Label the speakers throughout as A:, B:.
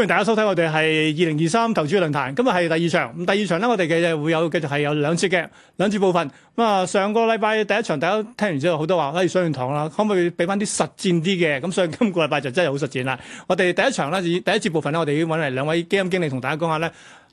A: 歡迎大家收睇我哋係二零二三投資論壇，今日係第二場，咁第二場咧我哋嘅會有繼續係有兩節嘅兩節部分。咁啊，上個禮拜第一場大家聽完之後好多話，可以上完堂啦，可唔可以俾翻啲實戰啲嘅？咁所以今個禮拜就真係好實戰啦。我哋第一場咧，第一節部分咧，我哋要揾嚟兩位基金經理同大家講下咧，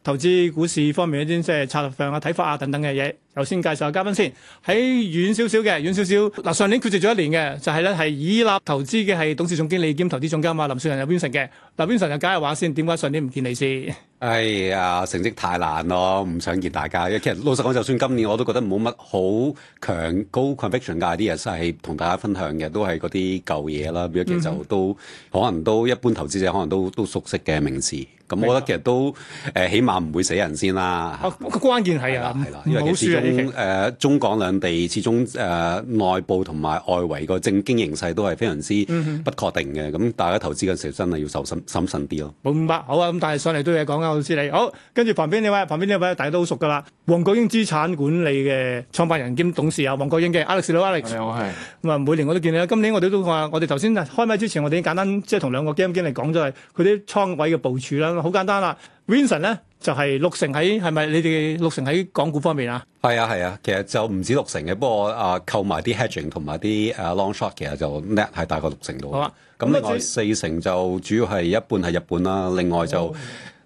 A: 投資股市方面一啲即係策略上嘅睇法啊，等等嘅嘢，由先，先介紹下嘉賓先。喺遠少少嘅，遠少少嗱，上年缺席咗一年嘅，就係咧係以立投資嘅係董事總經理兼投資總監啊，林少陽阿 Vincent 嘅，嗱 Vincent 又講下話先，
B: 點解上年唔見你先？哎呀，成績太難咯，唔想見大家嘅。其實老實講，就算今年我都覺得冇乜好強高 conviction 㗎啲嘢，真係同大家分享嘅都係嗰啲舊嘢啦。咁樣其實都、嗯、可能都一般投資者可能都都熟悉嘅名字。咁我覺得其實都誒、呃，起碼唔會死人先啦。哦、
A: 啊，啊、關鍵係啊，係啦的，不因為好始、呃、
B: 中港兩地始終誒、呃、內部同埋外圍個政經形勢都係非常之不確定嘅。咁大家投資嘅時候真係要心、審慎啲咯。明
A: 白、嗯。好啊，咁但係上嚟都有嘢講啊，我知你好。跟住旁邊呢位，旁邊呢位大家都好熟㗎啦。黃國英資產管理嘅創辦人兼董事啊，黃國英嘅 Alex，Alex 咁啊，Alex、是是每年我都見你啦。今年我哋都話，我哋頭先開咪之前，我哋已經簡單即係同兩個基金經理講咗係佢啲倉位嘅部署啦。好簡單啦，Vincent 咧就係、是、六成喺，係咪你哋六成喺港股方面啊？
B: 係啊係啊，其實就唔止六成嘅，不過啊，購埋啲 hedging 同埋啲 long short 其實就 net 係大過六成度。好啊，咁另外四成就主要係一半係日本啦，另外就、啊、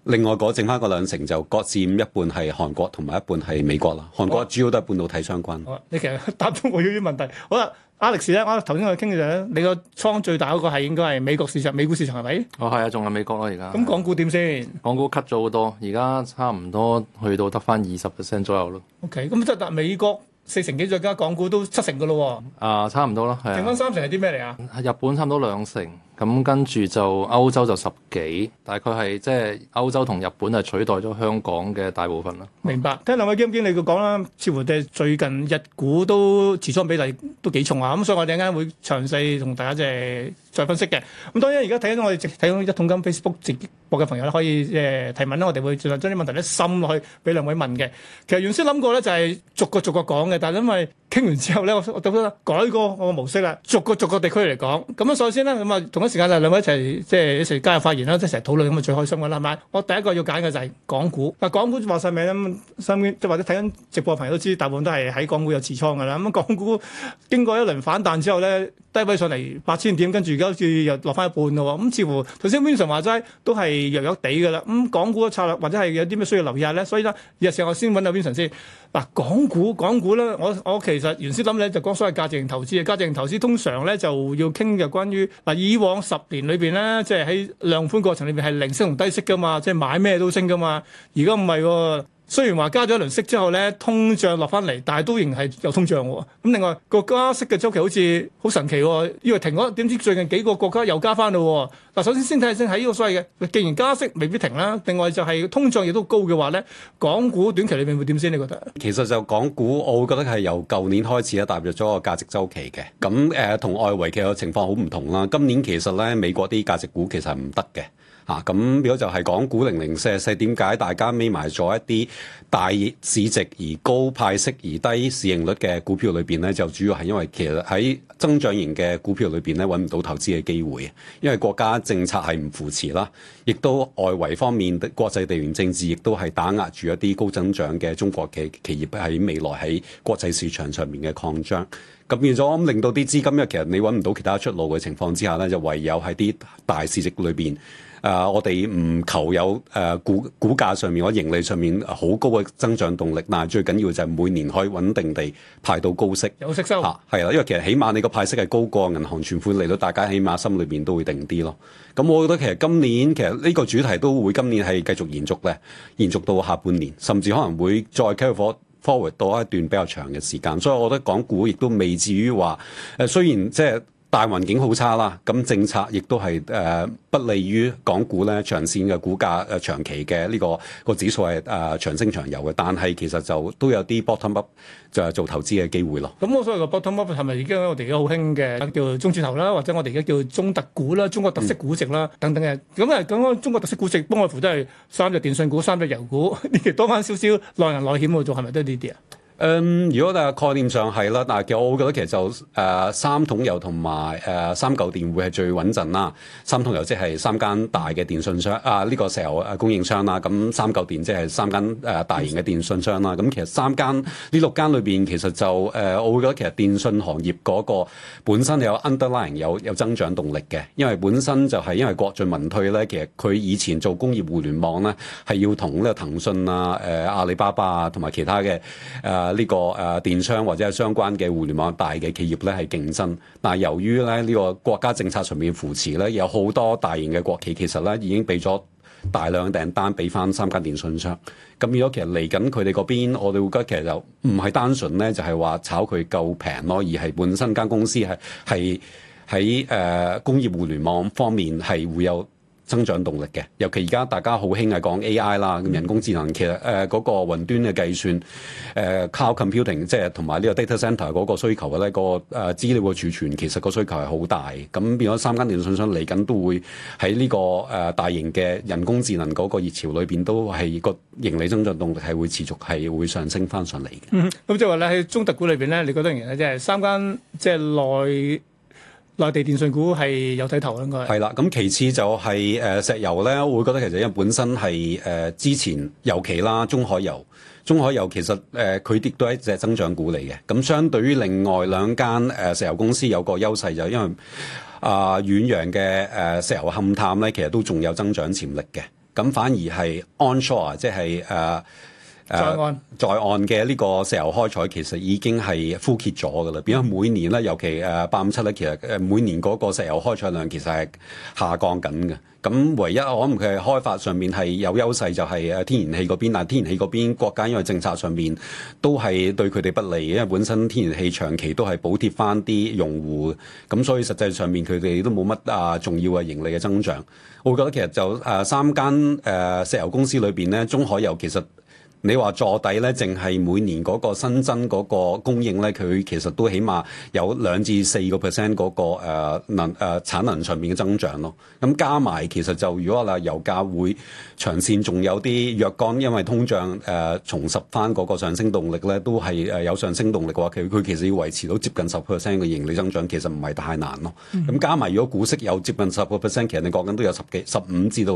B: 另外嗰剩翻嗰兩成就各佔一半係韓國同埋一半係美國啦。韓國主要都係半導體相關。
A: 啊啊、你其實答唔到我呢啲問題，好啦、啊。阿力士咧，呢我頭先我哋傾嘅就咧，你個倉最大嗰個係應該係美國市場、美股市場係咪？哦，係啊，仲係美國咯而家。咁
B: 的港股
C: 點先？港股 cut 咗好多，而家差唔多去到得翻二十 percent 左右咯。
A: OK，咁即係美國四成幾再加港股都七成噶咯喎。
C: 啊，差唔多啦，係啊。剩翻三成係啲咩嚟啊？日本差唔多兩成。咁跟住就歐洲就十幾，大概係即係歐洲同日本係取代咗香港嘅大部分啦。
A: 明白，聽兩位經理佢講啦，似乎即係最近日股都持倉比例都幾重啊，咁所以我哋陣間會詳細同大家即係再分析嘅。咁當然而家睇緊我哋睇到一桶金 Facebook 直播嘅朋友咧，可以即係提問啦，我哋會儘量將啲問題咧滲落去俾兩位問嘅。其實原先諗過咧就係逐個逐個講嘅，但係因為傾完之後咧，我我覺得改個我嘅模式啦，逐個逐個地區嚟講。咁啊，首先咧咁啊，同一。時間啦，兩位一齊即係一齊加入發言啦，即係成日討論咁啊，咁咪、最開心嘅啦。咁啊，我第一個要揀嘅就係港股。嗱，港股話晒名啦，身邊即或者睇緊直播嘅朋友都知，大部分都係喺港股有持倉嘅啦。咁港股經過一輪反彈之後咧，低位上嚟八千點，跟住而家好似又落翻一半咯。咁、嗯、似乎頭先 Vincent 話齋都係弱弱地嘅啦。咁、嗯、港股嘅策略或者係有啲咩需要留意下咧？所以咧，日上我先揾阿 Vincent 先。嗱、啊，港股，港股咧，我我其實原先諗咧就講所謂價值型投資嘅價值型投資，通常咧就要傾嘅關於嗱以往。十年裏邊咧，即係喺量寬過程裏邊係零息同低息噶嘛，即係買咩都升噶嘛。而家唔係喎。雖然話加咗一輪息之後咧，通脹落翻嚟，但係都仍係有通脹喎。咁另外個加息嘅周期好似好神奇喎、哦，因為停咗，點知最近幾個國家又加翻嘞？嗱，首先先睇下先喺呢個所謂嘅，既然加息未必停啦，另外就係通脹亦都高嘅話咧，港股短期裏面會點先？你覺得？
B: 其實就港股，我會覺得係由舊年開始啊，踏入咗個價值周期嘅。咁誒，同、呃、外圍嘅情況好唔同啦。今年其實咧，美國啲價值股其實唔得嘅。啊，咁、嗯、如果就係講股零零四四點解大家匿埋咗一啲大市值而高派息而低市盈率嘅股票裏邊咧，就主要係因為其實喺增長型嘅股票裏邊咧揾唔到投資嘅機會，因為國家政策係唔扶持啦，亦都外圍方面嘅國際地緣政治亦都係打壓住一啲高增長嘅中國企企業喺未來喺國際市場上面嘅擴張，咁變咗咁、嗯、令到啲資金咧，其實你揾唔到其他出路嘅情況之下咧，就唯有喺啲大市值裏邊。誒，uh, 我哋唔求有誒、uh, 股股價上面或盈利上面好高嘅增長動力，但係最緊要就係每年可以穩定地派到高息。有息收。嚇係啦、uh，因為其實起碼你個派息係高過銀行存款嚟到，大家起碼心裏邊都會定啲咯。咁、嗯、我覺得其實今年其實呢個主題都會今年係繼續延續咧，延續到下半年，甚至可能會再 carry forward 到一段比較長嘅時間。所以我覺得港股亦都未至於話誒，雖然即係。就是大環境好差啦，咁政策亦都係誒不利於港股咧長線嘅股價誒、呃、長期嘅呢、這個個指數係誒、呃、長升長有嘅，但係其實就都有啲 bottom up 就係做投資嘅機會咯。
A: 咁我所謂嘅 bottom up 係咪已經我哋而家好興嘅叫中字頭啦，或者我哋而家叫中特股啦、中國特色股值啦、嗯、等等嘅。咁啊，講中國特色股值，不外乎都係三隻電信股、三隻油股， 多翻少少內銀內險冇做，係咪都呢啲啊？
B: 誒、嗯，如果嘅概念上係啦，但係我會覺得其實就誒、呃、三桶油同埋誒三嚿電會係最穩陣啦。三桶油即係三間大嘅電信商啊，呢、呢個石油誒供應商啦。咁三嚿電即係三間誒、呃、大型嘅電信商啦。咁其實三間呢六間裏邊，其實就誒、呃、我會覺得其實電信行業嗰個本身有 underlying 有有增長動力嘅，因為本身就係因為國進民退咧。其實佢以前做工業互聯網咧，係要同呢個騰訊啊、誒、呃、阿里巴巴啊同埋其他嘅誒。呃呢個誒電商或者係相關嘅互聯網大嘅企業咧係競爭，但係由於咧呢個國家政策上面扶持咧，有好多大型嘅國企其實咧已經俾咗大量訂單俾翻三間電信商。咁如果其實嚟緊佢哋嗰邊，我哋會覺得其實就唔係單純咧就係話炒佢夠平咯，而係本身間公司係係喺誒工業互聯網方面係會有。增長動力嘅，尤其而家大家好興係講 AI 啦，咁人工智能其實誒嗰、呃那個雲端嘅計算誒、呃、cloud computing，即係同埋呢個 data centre 嗰個需求咧，那個誒資、呃、料嘅儲存其實個需求係好大，咁、嗯、變咗三間電信商嚟緊都會喺呢、這個誒、呃、大型嘅人工智能嗰個熱潮裏邊都係個盈利增長動力係會持續係會上升翻上嚟
A: 嘅。咁即係話咧喺中特股裏邊咧，你覺得而家即係三間即係內。就是內內地電信股係有睇頭嘅，應該係
B: 啦。咁其次就係、是、誒、呃、石油咧，我會覺得其實因為本身係誒、呃、之前尤其啦，中海油、中海油其實誒佢跌都係一隻增長股嚟嘅。咁相對於另外兩間誒、呃、石油公司有個優勢就因為啊、呃、遠洋嘅誒、呃、石油勘探咧，其實都仲有增長潛力嘅。咁反而係 Onshore 即係誒。呃呃、在岸在岸嘅呢個石油開採其實已經係枯竭咗噶啦，變咗每年咧，尤其誒八五七咧，其實誒每年嗰個石油開採量其實係下降緊嘅。咁唯一我諗佢係開發上面係有優勢，就係誒天然氣嗰邊，但天然氣嗰邊國家因為政策上面都係對佢哋不利，因為本身天然氣長期都係補貼翻啲用戶，咁所以實際上面佢哋都冇乜啊重要嘅盈利嘅增長。我會覺得其實就誒、呃、三間誒、呃、石油公司裏邊咧，中海油其實。你話坐底咧，淨係每年嗰個新增嗰個供應咧，佢其實都起碼有兩至四個 percent 嗰個能誒產能上面嘅增長咯。咁加埋其實就如果話啦，油價會長線仲有啲弱光，因為通脹誒、呃、重拾翻嗰個上升動力咧，都係誒有上升動力嘅話，佢佢其實要維持到接近十 percent 嘅盈利增長，其實唔係太難咯。咁、嗯、加埋如果股息有接近十個 percent，其實你講緊都有十幾十五至到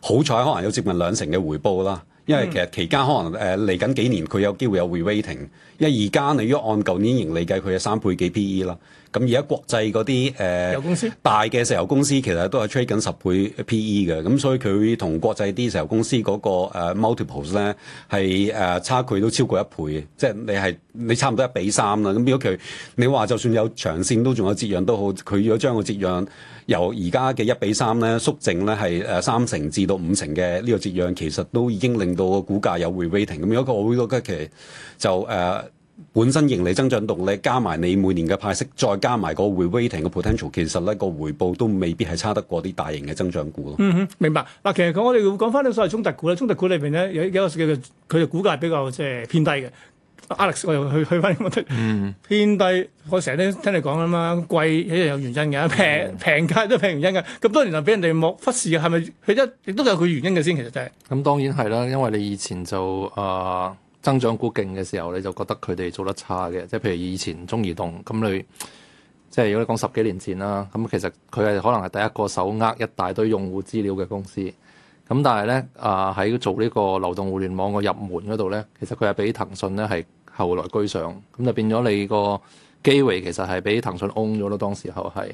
B: 好彩，可能有接近兩成嘅回報啦。因為其實期間可能誒嚟緊幾年，佢有機會有 re-rating，因為而家你如果按舊年盈利計，佢係三倍幾 PE 啦。咁而家國際嗰啲石油公司，大嘅石油公司其實都係吹緊十倍 P E 嘅，咁所以佢同國際啲石油公司嗰、那個、呃、multiples 咧係誒差距都超過一倍嘅。即係你係你差唔多一比三啦。咁如果佢你話就算有長線都仲有折讓都好，佢如果將個折讓由而家嘅一比三咧縮剩咧係誒三成至到五成嘅呢個折讓，其實都已經令到個股價有 re-rating，咁如果一個我會覺得其實就誒。呃本身盈利增長動力加埋你每年嘅派息，再加埋個 rewarding 嘅 potential，其實呢個回報都未必係差得過啲大型嘅增長股咯。嗯
A: 哼，明白。嗱，其實我哋要講翻啲所謂中特股咧，中特股裏邊咧有有一個佢嘅佢嘅股價比較即係偏低嘅。Alex，我又去去翻，我覺得偏低。我成日聽聽你講啊嘛，貴係有原因嘅，平平價都係平原因嘅。咁多年嚟俾人哋莫忽視，係咪佢一亦都有佢原因嘅先？其實就係、
C: 是、咁，當然係啦，因為你以前就啊。呃增長股勁嘅時候，你就覺得佢哋做得差嘅，即係譬如以前中移動咁你，即係如果你講十幾年前啦，咁其實佢係可能係第一個手握一大堆用戶資料嘅公司，咁但係咧啊喺做呢個流動互聯網嘅入門嗰度咧，其實佢係畀騰訊咧係後來居上，咁就變咗你個機會其實係畀騰訊 own 咗咯，當時候係，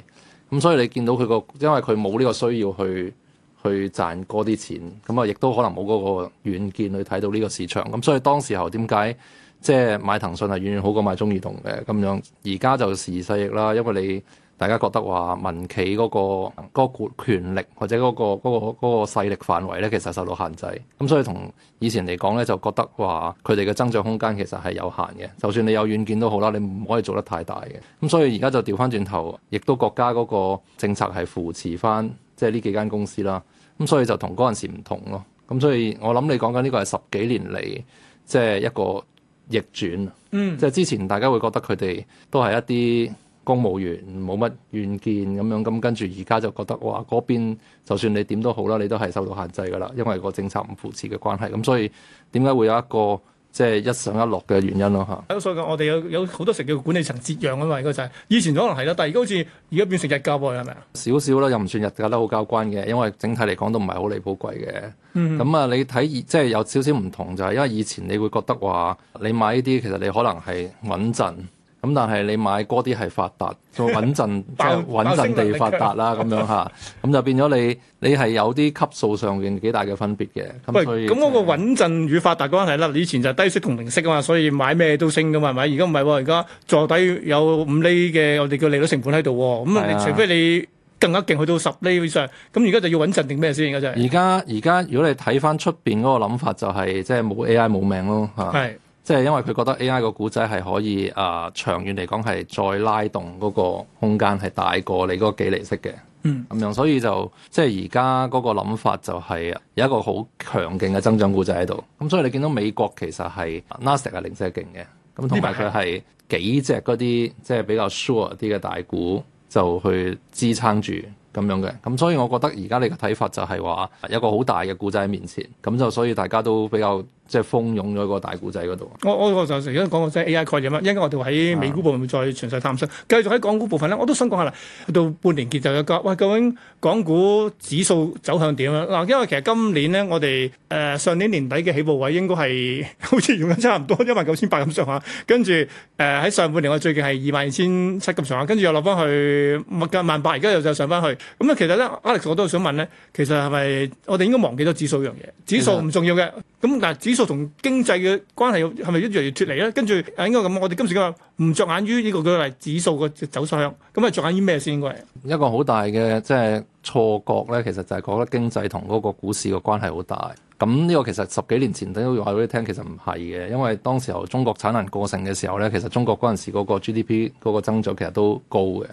C: 咁所以你見到佢個因為佢冇呢個需要去。去賺多啲錢，咁啊，亦都可能冇嗰個軟件去睇到呢個市場，咁所以當時候點解即係買騰訊係遠遠好過買中移動嘅咁樣？而家就時勢易啦，因為你大家覺得話民企嗰個嗰個嗰個權力或者嗰個嗰個嗰個勢力範圍咧，其實受到限制，咁所以同以前嚟講咧，就覺得話佢哋嘅增長空間其實係有限嘅。就算你有軟件都好啦，你唔可以做得太大嘅。咁所以而家就調翻轉頭，亦都國家嗰個政策係扶持翻。即係呢幾間公司啦，咁所以就同嗰陣時唔同咯。咁所以我諗你講緊呢個係十幾年嚟即係一個逆轉。嗯，即係之前大家會覺得佢哋都係一啲公務員冇乜遠見咁樣，咁跟住而家就覺得哇，嗰邊就算你點都好啦，你都係受到限制㗎啦，因為個政策唔扶持嘅關係。咁所以點解會有一個即係一上一落嘅原因咯嚇，
A: 所以我哋有有好多成叫管理層折讓啊嘛，而家就係以前可能係咯，但係而家好似而家變成溢價噃係咪
C: 啊？少少啦，又唔算溢價得好交關嘅，因為整體嚟講都唔係好離譜貴嘅。咁啊、嗯哼，你睇即係有少少唔同就係、係、因為以前你會覺得話你買呢啲其實你可能係穩陣。咁但係你買嗰啲係發達，穩陣穩陣地發達啦，咁 樣吓，咁就變咗你你係有啲級數上面幾大嘅分別嘅。喂、 就是，咁嗰
A: 個穩陣與發達關係啦，以前就低息同零息啊嘛，所以買咩都升噶嘛，係咪？而家唔係，而家坐底有五厘嘅，我哋叫利率成本喺度，咁啊，你除非你更加勁去到十厘以上，咁而家就要穩陣定咩先？而家
C: 而家而家，如果你睇翻出邊嗰個諗法、就是，就係即係冇 AI 冇命咯，吓是。即係因為佢覺得 A.I. 個股仔係可以誒、呃、長遠嚟講係再拉動嗰個空間係大過你嗰個幾釐息嘅，咁、嗯、樣所以就即係而家嗰個諗法就係有一個好強勁嘅增長股仔喺度。咁、嗯、所以你見到美國其實係 Nasdaq 係零舍勁嘅，咁同埋佢係幾隻嗰啲即係比較 sure 啲嘅大股就去支撐住咁樣嘅。咁、嗯、所以我覺得而家你嘅睇法就係話有個好大嘅股仔喺面前，咁就所以大家都比較。即係蜂擁咗個大股仔嗰度。我我就成日
A: 都講過即係 A.I. 概念啦，一陣間我哋喺美股部分會再詳細探討，繼續喺港股部分咧，我都想講下啦。到半年結就一格，喂究竟港股指數走向點樣？嗱，因為其實今年咧，我哋誒、呃、上年年底嘅起步位應該係好似用緊差唔多一萬九千八咁上下，跟住誒喺上半年我最近係二萬二千七咁上下，跟住又落翻去物價萬八，而家又再上翻去。咁、嗯、咧其實咧，Alex 我都想問咧，其實係咪我哋應該忘記咗指數呢樣嘢？指數唔重要嘅。咁但係指同經濟嘅關係有係咪越嚟越脫離咧？跟住應該咁，我哋今時今日唔着眼於呢個叫嚟指數嘅走商，咁啊着眼於咩先？應
C: 該一個好大嘅即係錯覺咧，其實就係覺得經濟同嗰個股市嘅關係好大。咁呢個其實十幾年前等於話俾你聽，其實唔係嘅，因為當時候中國產能過剩嘅時候咧，其實中國嗰陣時嗰個 GDP 嗰個增長其實都高嘅，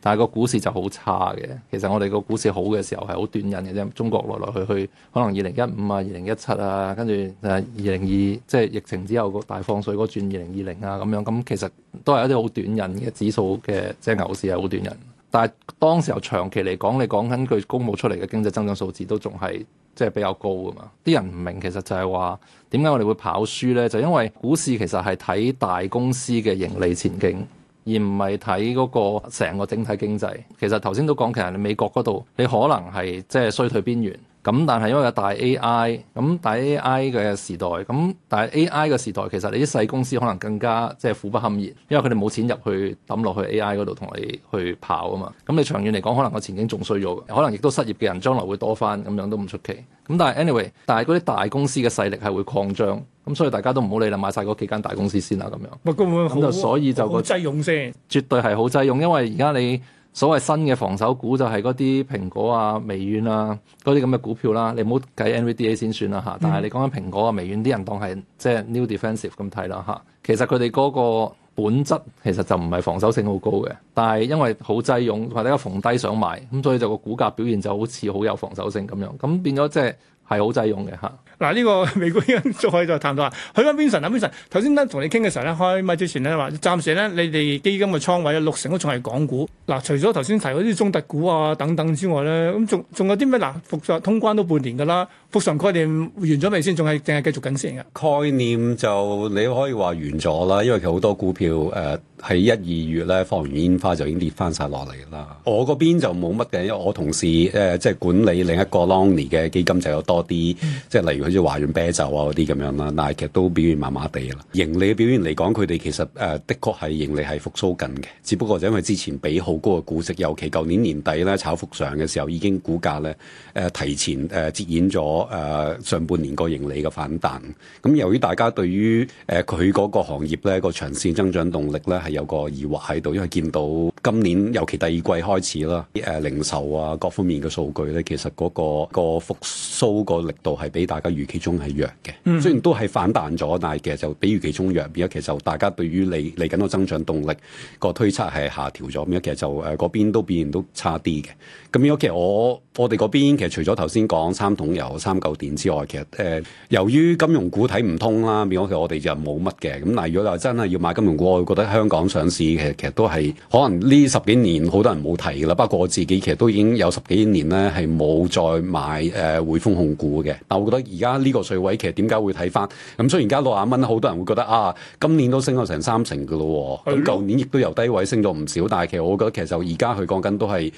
C: 但係個股市就好差嘅。其實我哋個股市好嘅時候係好短癮嘅啫。中國來來去去可能二零一五啊、二零一七啊，跟住誒二零二，即係疫情之後個大放水嗰轉二零二零啊咁樣，咁其實都係一啲好短癮嘅指數嘅，即係牛市係好短癮。但係當時候長期嚟講，你講緊佢公佈出嚟嘅經濟增長數字都仲係即係比較高㗎嘛！啲人唔明其實就係話點解我哋會跑輸咧？就因為股市其實係睇大公司嘅盈利前景，而唔係睇嗰個成個整體經濟。其實頭先都講，其實你美國嗰度你可能係即係衰退邊緣。咁但係因為有大 AI，咁大 AI 嘅時代，咁大 AI 嘅時代，其實你啲細公司可能更加即係、就是、苦不堪言，因為佢哋冇錢入去抌落去 AI 嗰度同你去跑啊嘛。咁你長遠嚟講，可能個前景仲衰咗，可能亦都失業嘅人將來會多返，咁樣都唔出奇。咁但係 anyway，但係嗰啲大公司嘅勢力係會擴張，咁所以大家都唔好理啦，買晒嗰幾間大公司先啦，咁樣。
A: 咁就所以就個好擠
C: 擁先，絕對係好擠擁，因為而家你。所謂新嘅防守股就係嗰啲蘋果啊、微軟啊、嗰啲咁嘅股票啦，你唔好計 NVDA 先算啦嚇。但係你講緊蘋果啊、微軟啲人當係即係 new defensive 咁睇啦嚇。其實佢哋嗰個本質其實就唔係防守性好高嘅，但係因為好擠擁或者逢低想買，咁所以就個股價表現就好似好有防守性咁樣，咁變咗即係係好擠擁嘅嚇。嗱呢、啊呢個美國人再就談到話，佢阿 Vincent 阿 Vincent 頭先咧同你傾嘅時
A: 候咧，開咪之前咧話，暫時咧你哋基金嘅倉位六成都仲係港股。嗱、啊，除咗頭先提嗰啲中特股啊等等之外咧，咁仲仲有啲咩？嗱、啊，復常通關都半年㗎啦，復常概念完咗未先？仲係淨係繼續緊先啊？
B: 概念就你可以話完咗啦，因為其實好多股票誒喺一二月咧放完煙花就已經跌翻晒落嚟啦。我嗰邊就冇乜嘅，因為我同事誒即係管理另一個 lonely 嘅基金就有多啲，即係、嗯、例如。啲華潤啤酒啊嗰啲咁樣啦，但係其實都表現麻麻地啦。盈利嘅表現嚟講，佢哋其實誒的確係盈利係復甦緊嘅，只不過就因為之前俾好高嘅估值，尤其舊年年底咧炒幅上嘅時候，已經股價咧誒、呃、提前誒折現咗誒上半年個盈利嘅反彈。咁、嗯、由於大家對於誒佢嗰個行業咧個長線增長動力咧係有個疑惑喺度，因為見到今年尤其第二季開始啦，誒、呃、零售啊各方面嘅數據咧，其實嗰、嗰個、嗰個復甦個力度係俾大家，預期中係弱嘅，雖然都係反彈咗，但係其，其、嗯、其，其實就，比預期中弱，而家其實大家對於嚟嚟緊個增長動力個推測係下調咗，咁樣其實就誒嗰邊都變成都差啲嘅。咁如果其實我我哋嗰邊其實除咗頭先講三桶油、三嚿電之外，其實誒、呃、由於金融股睇唔通啦，變咗其實我哋就冇乜嘅。咁但係如果話真係要買金融股，我會覺得香港上市其實其實都係可能呢十幾年好多人冇提啦。不過我自己其實都已經有十幾年咧係冇再買誒匯豐控股嘅，但我覺得而家呢個稅位其實點解會睇返？咁雖然而家六十蚊，好多人會覺得啊，今年都升咗成三成嘅咯，啊。咁舊年亦都由低位升咗唔少，但係其實我覺得其實就而家佢講緊都係。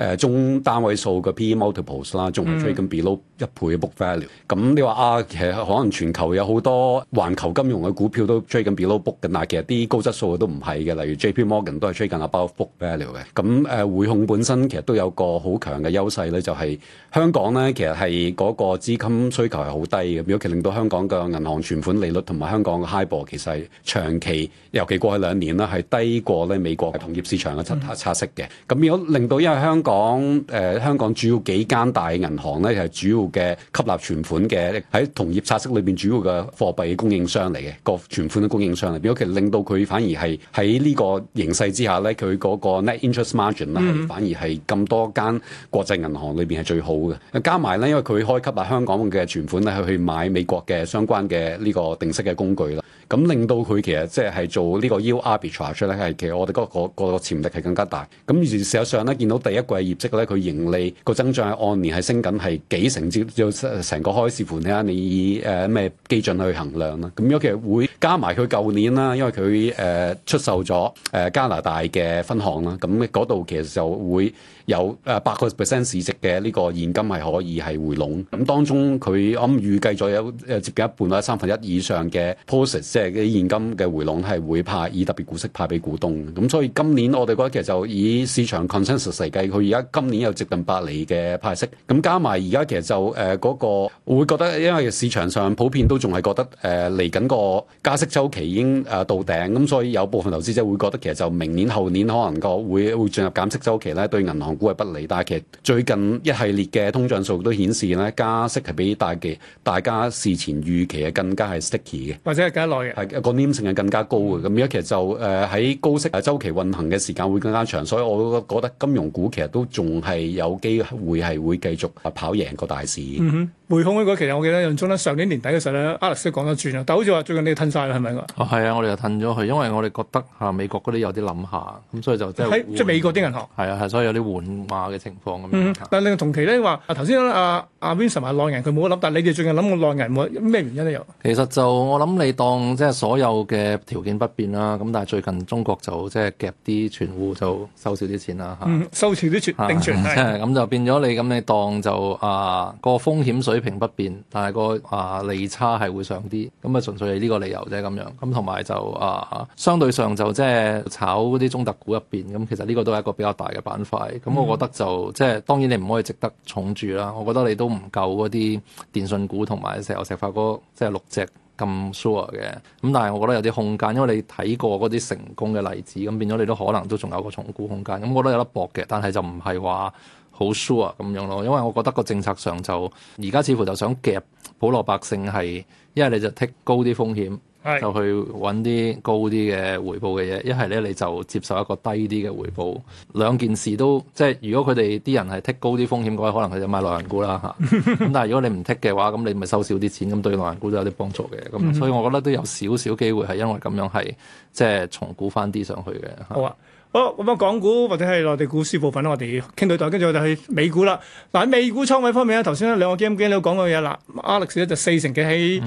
B: 誒、呃、中單位數嘅 PE multiples 啦，仲係追緊 below 一倍嘅 book value。咁、嗯、你話啊，其實可能全球有好多環球金融嘅股票都追緊 below book 嘅，但其實啲高質素都唔係嘅，例如 JP Morgan 都係追緊 above book value 嘅。咁誒匯控本身其實都有個好強嘅優勢咧，就係香港咧其實係嗰個資金需求係好低嘅，如果令到香港嘅銀行存款利率同埋香港嘅 HIBOR 其實長期尤其過去兩年啦係低過咧美國嘅同業市場嘅拆拆息嘅。咁、嗯、如果令到因為香港講誒，香港主要幾間大銀行咧，係主要嘅吸納存款嘅喺同業拆息裏邊主要嘅貨幣供應商嚟嘅，個存款嘅供應商嚟。如果其實令到佢反而係喺呢個形勢之下咧，佢個 net interest margin 咧，係、嗯、反而係咁多間國際銀行裏邊係最好嘅。加埋咧，因為佢可以吸納香港嘅存款咧，係去買美國嘅相關嘅呢個定息嘅工具啦。咁令到佢其實即係做呢個 yield arbitrage 咧，係其實我哋嗰、嗰個、嗰個潛力係更加大。咁而事實上咧，見到第一季。業績咧，佢盈利個增長係按年係升緊，係幾成之，就成個開市盤啊，你以誒咩、呃、基準去衡量啦。咁因為其實會加埋佢舊年啦，因為佢誒、呃、出售咗誒、呃、加拿大嘅分行啦，咁嗰度其實就會。有誒八個 percent 市值嘅呢個現金係可以係回籠，咁當中佢我咁預計咗有誒接近一半啦，三分一以上嘅 postage，即係現金嘅回籠係會派，以特別股息派俾股東。咁所以今年我哋覺得其實就以市場 consensus 嚟計，佢而家今年有接近百厘嘅派息，咁加埋而家其實就誒嗰、呃那個我會覺得，因為市場上普遍都仲係覺得誒嚟緊個加息週期已經誒、呃、到頂，咁所以有部分投資者會覺得其實就明年後年可能個會會進入減息週期咧，對銀行。估係不利，但係其實最近一系列嘅通脹數都顯示呢，加息係比大嘅大家事前預期嘅更加係 sticky 嘅，或者係更耐嘅，係個黏性係更加高嘅。咁而家其實就誒喺、呃、高息周期運行嘅時間會更加長，所以我覺得金融股其實都仲係有機會係會繼續跑贏個大市。
A: 嗯、哼，匯控嗰個其實我記得印象咧上年年底嘅時候咧，Alex 講咗轉啊，但好似話最近你褪晒啦，係咪
B: 啊？係啊、哦，我哋又褪
C: 咗佢，因為我哋覺得嚇美國嗰啲有啲諗下，咁所以就即係即係美國啲銀行係啊係，所以有啲話嘅情況咁
A: 樣，但係同期咧話頭先阿阿 Vincent 話內銀，佢冇得諗，但係你哋最近諗個內銀冇咩原因咧又？
C: 其實就我諗你當即係、就是、所有嘅條件不變啦，咁但係最近中國就即係、就是、夾啲存戶就收少啲錢啦嚇、嗯。收少啲存、啊、定存係，咁 是就變咗你咁你當就啊個風險水平不變，但係個啊利差係會上啲，咁啊純粹係呢個理由啫咁樣。咁同埋就啊相對上就即係炒啲中特股入邊，咁其實呢個都係一個比較大嘅板塊。咁我覺得就即係當然，你唔可以值得重注啦。 我覺得你都唔夠嗰啲電信股同埋石油石、石化嗰即係六隻咁 sure 嘅。咁但係我覺得有啲空間，因為你睇過嗰啲成功嘅例子，咁變咗你都可能都仲有個重估空間。咁我覺得有得搏嘅，但係就唔係話好 sure 咁樣咯。因為我覺得個政策上就而家似乎就想夾普羅百姓係，因為你就 take 高啲風險。是就去揾啲高啲嘅回報嘅嘢，一係咧你就接受一個低啲嘅回報。兩件事都即係，如果佢哋啲人係剔高啲風險嘅話，可能佢就買內銀股啦嚇。咁 但係如果你唔剔嘅話，咁你咪收少啲錢，咁對內銀股都有啲幫助嘅。咁、嗯、哼所以我覺得都有少少機會係因為咁樣係即係重估翻啲上去嘅。好啊，
A: 好咁啊，港股或者係內地股市部分，我哋傾到度，跟住我哋去美股啦。嗱喺美股倉位方面咧，頭先兩個 game game 都講過嘢啦。Alex 咧就四成幾起。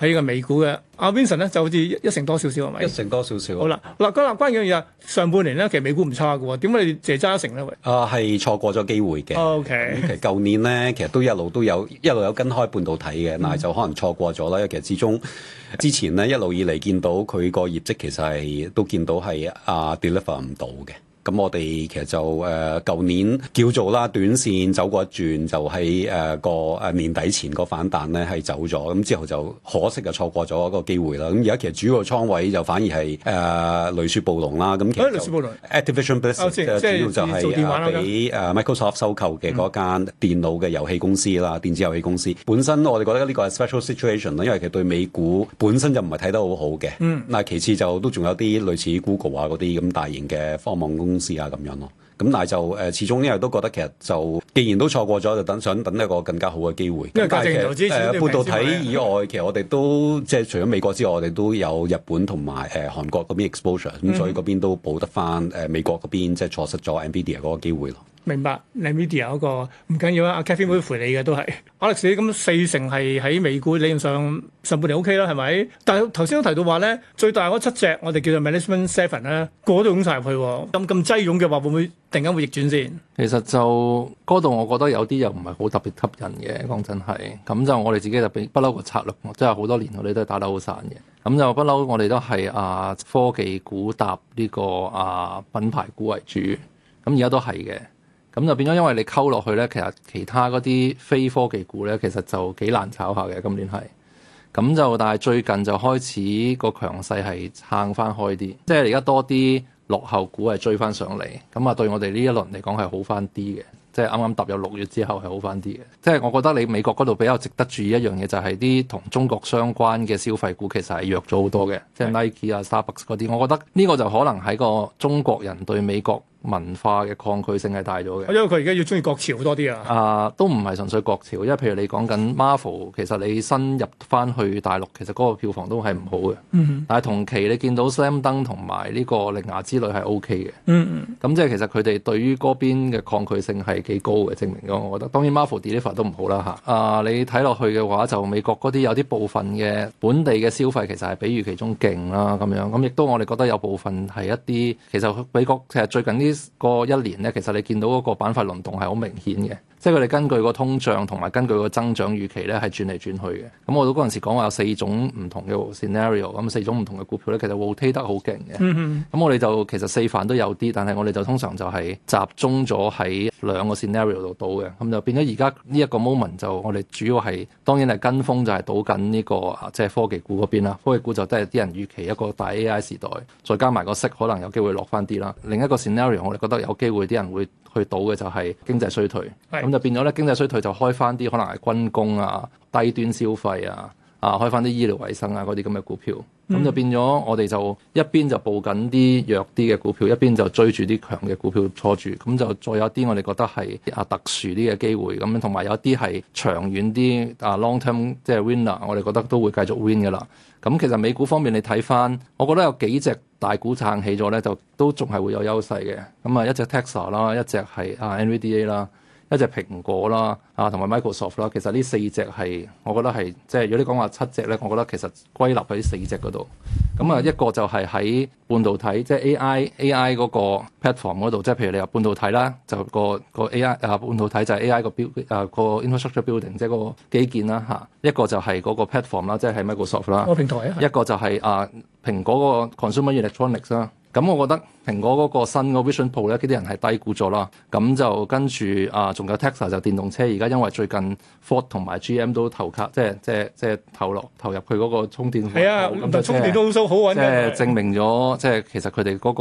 A: 喺個美股嘅，阿 Vincent 咧就好似一成多少少係咪？一
B: 成多少少。點點
A: 好啦，嗱，咁啊，關於一樣嘢，上半年咧其實美股唔差嘅喎，點解你借揸一成咧？
B: 啊、呃，係錯過咗機會嘅。Oh, OK， 其實舊年咧，其實都一路都有一路有跟開半導體嘅，嗱就可能錯過咗啦。因為其實始終 之前呢，一路以嚟見到佢個業績其實係都見到係啊 deliver 唔到嘅。Uh, 咁我哋其實就誒舊、呃、年叫做啦，短線走過一轉就喺誒個誒年底前個反彈咧，係走咗。咁之後就可惜就錯過咗一個機會啦。咁而家其實主要嘅倉位就反而係誒雷雪暴龍啦。咁、呃、誒雷雪暴龍 Activision 嘅主要就係、是、啊俾誒 Microsoft 收購嘅間電腦嘅遊戲公司啦，嗯、電子遊戲公司。本身我哋覺得呢個係 special situation 啦，因為其實對美股本身就唔係睇得好好嘅。嗯。嗱，其次就都仲有啲類似 Google 啊啲咁大型嘅科網公。公。事啊咁樣咯，咁但係就誒、呃，始終因為都覺得其實就，既然都錯過咗，就等想等一個更加好嘅機會。因為其實，誒、呃，半導體以外，其實我哋都即係除咗美國之外，我哋都有日本同埋誒韓國嗰邊 exposure，咁、嗯、所以嗰邊都補得返誒美國嗰邊即係錯失咗 Nvidia 嗰個機會咯。
A: 明白，你 media 嗰、那個唔緊要啊。阿 Cathy 會扶你嘅都係。阿 Alex 咁四成係喺美股，理念上上半年 O K 啦，係咪？但係頭先都提到話咧，最大嗰七隻我哋叫做 Management Seven 咧，個都擁曬入去。咁咁擠擁嘅話，會唔會突然間會逆轉先？
C: 其實就嗰度，我覺得有啲又唔係好特別吸引嘅。講真係，咁就我哋自己就別不嬲個策略，真係好多年你都係打得好散嘅。咁就不嬲，我哋都係啊科技股搭呢個啊品牌股為主。咁而家都係嘅。咁就變咗，因為你溝落去呢，其實其他嗰啲非科技股呢，其實就幾難炒下嘅。今年係咁就，但係最近就開始個強勢係撐翻開啲，即係而家多啲落後股係追翻上嚟。咁啊，對我哋呢一輪嚟講係好翻啲嘅，即係啱啱踏入六月之後係好翻啲嘅。即係我覺得你美國嗰度比較值得注意一樣嘢，就係啲同中國相關嘅消費股其實係弱咗好多嘅，的即係 Nike 啊、Starbucks 嗰啲。我覺得呢個就可能喺個中國人對美國。文化嘅抗拒性係大咗嘅，因為佢而家要中意國潮多啲啊！啊，都唔係純粹國潮，因為譬如你講緊 Marvel，其實你深入翻去大陸，其實嗰個票房都係唔好嘅。嗯，但係同期你見到 Slam Dunk 同埋呢個鈴芽之旅、OK 係 O K 嘅。咁即係其實佢哋對於嗰邊嘅抗拒性係幾高嘅，證明咗我覺得。當然 Marvel Deliver 都唔好啦嚇。啊，你睇落去嘅話，就美國嗰啲有啲部分嘅本地嘅消費其實係比預期中勁啦咁樣。咁亦都我哋覺得有部分係一啲其實美國其實最近呢。個一年咧，其實你見到嗰個板塊輪動係好明顯嘅。即係佢哋根據個通脹同埋根據個增長預期咧，係轉嚟轉去嘅。咁、嗯、我都嗰陣時講話有四種唔同嘅 scenario，咁四種唔同嘅股票咧，其實 rotate 得好勁嘅。咁、嗯嗯嗯、我哋就其實四範都有啲，但係我哋就通常就係集中咗喺兩個 scenario 度賭嘅。咁就變咗而家呢一個 moment 就我哋主要係當然係跟風就、這個，就係賭緊呢個即係科技股嗰邊啦。科技股就都係啲人預期一個大 AI 時代，再加埋個息可能有機會落翻啲啦。另一個 scenario 我哋覺得有機會啲人會去賭嘅就係經濟衰退，咁變咗咧，經濟衰退就開翻啲可能係軍工啊、低端消費啊、啊開翻啲醫療衞生啊嗰啲咁嘅股票，咁、嗯、就變咗我哋就一邊就報緊啲弱啲嘅股票，一邊就追住啲強嘅股票坐住，咁就再有啲我哋覺得係啊特殊啲嘅機會，咁同埋有啲係長遠啲啊 long term 即係 winner 我哋覺得都會繼續 win 噶啦。咁其實美股方面，你睇翻，我覺得有幾隻大股撐起咗咧，就都仲係會有優勢嘅。咁啊，一隻 Tesla 啦，一隻係啊 NVDA 啦。一隻蘋果啦，啊，同埋 Microsoft 啦，其實呢四隻係我覺得係，即係如果你講話七隻咧，我覺得其實歸納喺四隻嗰度。咁啊，一個就係喺半導體，即係 AI，AI 嗰個 platform 嗰度，即係譬如你話半導體啦，就個個 AI 啊半導體就係 AI 個 building，啊個 infrastructure building，即係個基建啦嚇。一個就係嗰個 platform 啦，即係喺 Microsoft 啦。個平台啊。一個就係啊蘋果個 consumer electronics 啦。咁我覺得蘋果嗰個新個 Vision Pro 咧，啲人係低估咗啦。咁就跟住啊，仲有 Tesla 就電動車，而家因為最近 Ford 同埋 GM 都投卡，即係即係即係投落投入佢嗰個充電器。係啊，咁但係充電都好都好、啊、即係、啊、證明咗，啊、即係其實佢哋嗰個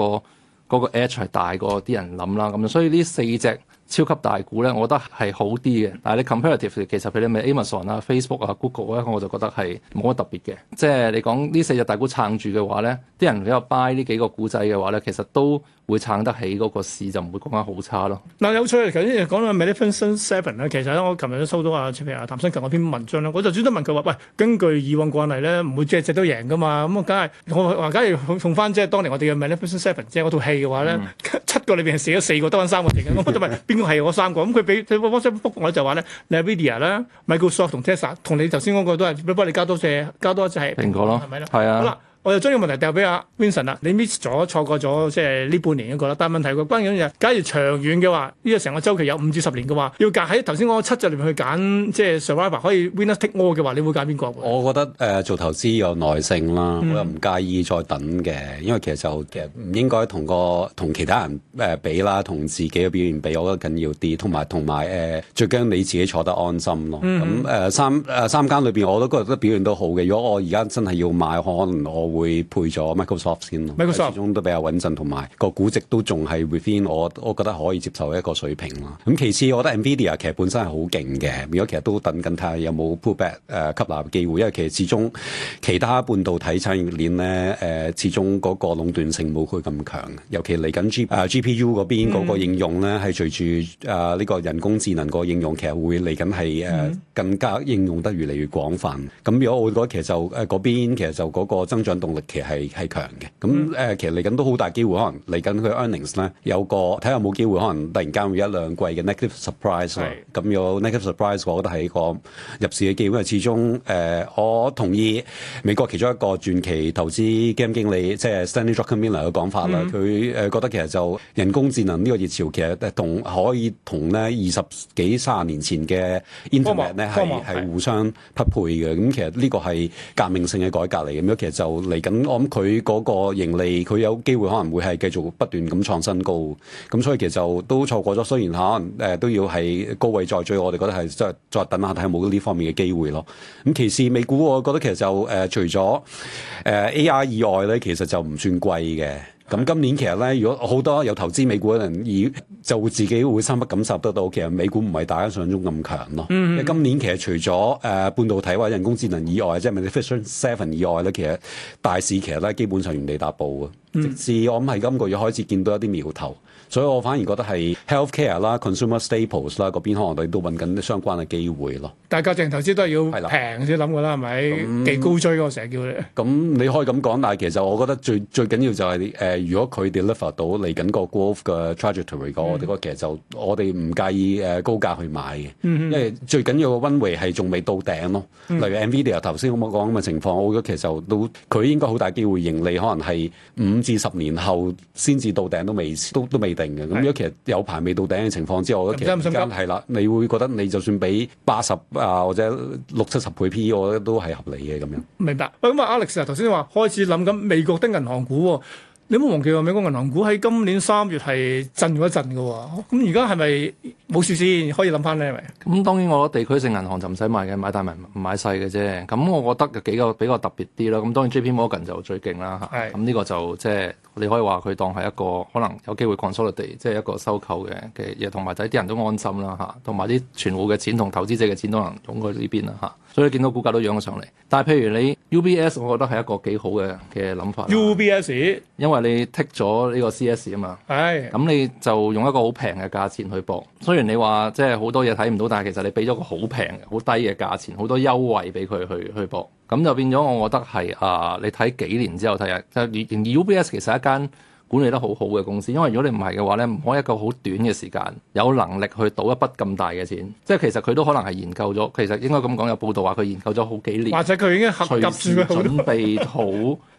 C: 嗰、嗰個 Edge 係大過啲人諗啦。咁所以呢四隻。超級大股咧，我覺得係好啲嘅。但係你 comparative 其實譬如咪 Amazon 啊、Facebook 啊、Google 咧，我就覺得係冇乜特別嘅。即係你講呢四隻大股撐住嘅話咧，啲人比較 buy 呢幾個股仔嘅話咧，其實都會撐得起嗰個市，就唔會講得好差咯。
A: 嗱、嗯、有趣嘅，頭先講到 Magnificent Seven 咧，其實咧我琴日都收到阿陳皮阿譚新強嗰篇文章咧，我就專登問佢話：喂、哎，根據以往慣例咧，唔會隻隻都贏噶嘛？咁、嗯、啊，梗係我話，梗係用翻即係當年我哋嘅 Magnificent Seven 即係嗰套戲嘅話咧，七個裏邊死咗四個得翻三個贏嘅，我 係、 嗯、我三個，咁，佢俾佢 WhatsApp 復我就話咧，你係 Nvidia 啦、Microsoft 同 Tesla，同你頭先嗰個都係幫你加多隻，加多一隻係蘋果咯，係
C: 咪咧？係對啊，好啦。
A: 我就將個問題掉俾阿 Vincent 啦。你 miss 咗、錯過咗，即係呢半年一個啦。但係問題個關鍵假如長遠嘅話，呢個成個周期有五至十年嘅話，要隔喺頭先嗰七隻裏面去揀，即係 survivor 可以 winners take all
B: 嘅話，你會揀邊個？我覺得誒、呃、做投資有耐性啦，嗯、我又唔介意再等嘅，因為其實就其實唔應該同個同其他人誒比啦，同自己嘅表現比，我覺得緊要啲。同埋同埋誒最驚你自己坐得安心咯。咁誒、嗯呃、三誒、呃、三間裏邊，我都覺得表現都好嘅。如果我而家真係要買，可能我。會配咗 Microsoft 先咯，Microsoft 始終都比較穩陣，同埋個估值都仲係 within 我，我覺得可以接受一個水平咯。咁其次，我覺得 Nvidia 其實本身係好勁嘅，如果其實都等緊睇下有冇 pullback 誒、呃、吸納機會，因為其實始終其他半導體產業鏈咧誒、呃，始終嗰個壟斷性冇佢咁強，尤其嚟緊 G 誒 GPU 嗰邊嗰個應用咧，係、mm. 隨住誒呢個人工智能個應用，其實會嚟緊係誒更加應用得越嚟越廣泛。咁如果我覺得其實就誒嗰邊其實就嗰個增長動力其實係係強嘅，咁誒、呃、其實嚟緊都好大機會可能嚟緊佢 earnings 咧，有個睇下有冇機會可能突然間會一兩季嘅 negative surprise，咁是、啊、有 negative surprise，我覺得係一個入市嘅機會，因為始終誒、呃、我同意美國其中一個傳奇投資基金經理，即、就、係、是、Stanley Druckenmiller 嘅講法啦。佢誒、嗯、覺得其實就人工智能呢個熱潮，其實誒同可以同咧二十幾卅年前嘅 internet 咧係係互相匹配嘅。咁、嗯、其實呢個係革命性嘅改革嚟嘅。咁、嗯、樣其實就咁我諗佢嗰個盈利，佢有機會可能會係繼續不斷咁創新高，咁所以其實就都錯過咗。雖然可能誒都要係高位再追，我哋覺得係再再等下睇下有冇呢方面嘅機會咯。咁其次，美股我覺得其實就誒、呃、除咗誒 AI 以外咧，其實就唔算貴嘅。咁今年其實咧，如果好多有投資美股嘅人以，以就會自己會深刻感受得到，其實美股唔係大家想像中咁強咯。Mm hmm. 因為今年其實除咗誒、呃、半導體或者人工智能以外，mm hmm. 即係 Magnificent Seven 以外咧，其實大市其實咧基本上原地踏步啊。直至我諗係今個月開始見到一啲苗頭，所以我反而覺得係 healthcare 啦、consumer staples 啦嗰邊，可能我哋都揾緊相關嘅機會咯。
A: 但係淨投資都係要平先諗噶啦，係咪的？幾那高追我成日叫你。
B: 咁你可以咁講，但係其實我覺得最最緊要就係誒，如果佢 deliver 到嚟緊個 growth 嘅 trajectory 嗰個、嗯，我覺得其實就我哋唔介意誒高價去買嘅，嗯嗯因為最緊要個溫圍係仲未到頂咯。例如 Nvidia 頭先我講咁嘅情況，我覺得其實就都佢應該好大機會盈利，可能係五。五至十年後先至到頂都未，都都未定嘅。咁如果其實有排未到頂嘅情況之後，一期間係啦，你會覺得你就算俾八十啊或者六七十倍 P 我覺得都係合理嘅咁樣。
A: 明白。喂，咁阿 Alex 啊，頭先話開始諗緊美國的銀行股，哦。你冇忘記話，美國銀行股喺今年三月係震咗一陣嘅喎，咁而家係咪
C: 冇事先可以諗翻呢？咁當然我覺得地區性銀行就唔使買嘅，買大唔買細嘅啫。咁我覺得嘅幾個比較特別啲咯。咁當然 JP Morgan 就最勁啦嚇。咁呢是、啊這個就即係你可以話佢當係一個可能有機會 consolidate，即係一個收購嘅嘅嘢，同埋第一啲人都安心啦嚇。同埋啲存戶嘅錢同投資者嘅錢都能湧過呢邊啦嚇。啊所以見到股價都揚咗上嚟，但係譬如你 UBS，我覺得係一個幾好嘅嘅諗法。UBS，因為你剔咗呢個 CS 啊嘛，係，咁你就用一個好平嘅價錢去搏。雖然你話即係好多嘢睇唔到，但係其實你俾咗個好平嘅、好低嘅價錢，好多優惠俾佢去去搏。咁就變咗，我覺得係啊，你睇幾年之後睇下，而 UBS 其實一間管理得好好嘅公司，因為如果你唔係嘅話，咧，唔可以一個好短嘅時間有能力去賭一筆咁大嘅錢，即係其實佢都可能係研究咗，其實應該咁講，有報道話佢研究咗好幾年，或者佢已經隨時準備好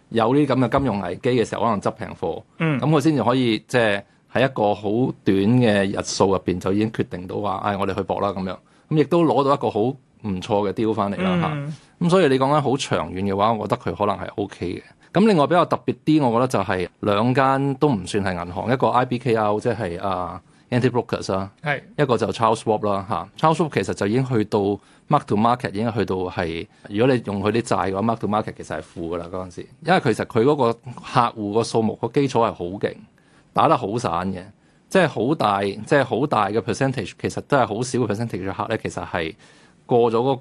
C: 有呢啲咁嘅金融危機嘅時候，可能執平貨，咁佢先至可以即係喺一個好短嘅日數入邊就已經決定到話，唉、哎，我哋去搏啦咁樣，咁、嗯、亦、嗯、都攞到一個好唔錯嘅 deal 翻嚟啦，吓，咁、嗯嗯、所以你講緊好長遠嘅話，我覺得佢可能係 OK 嘅。咁另外比較特別啲，我覺得就係兩間都唔算係銀行，一個 IBKR 即係啊、uh, anti brokers 啦，係是一個就 Charles Schwab 啦、啊、嚇。Charles Schwab 其實就已經去到 mark to market，已經去到係如果你用佢啲債嘅話，mark to market 其實係負嘅啦嗰陣時，因為其實佢嗰個客戶個數目個基礎係好勁，打得好散嘅，即係好大，即係好大嘅 percentage，其實都係好少嘅 percentage 嘅客咧，其實係過咗嗰、那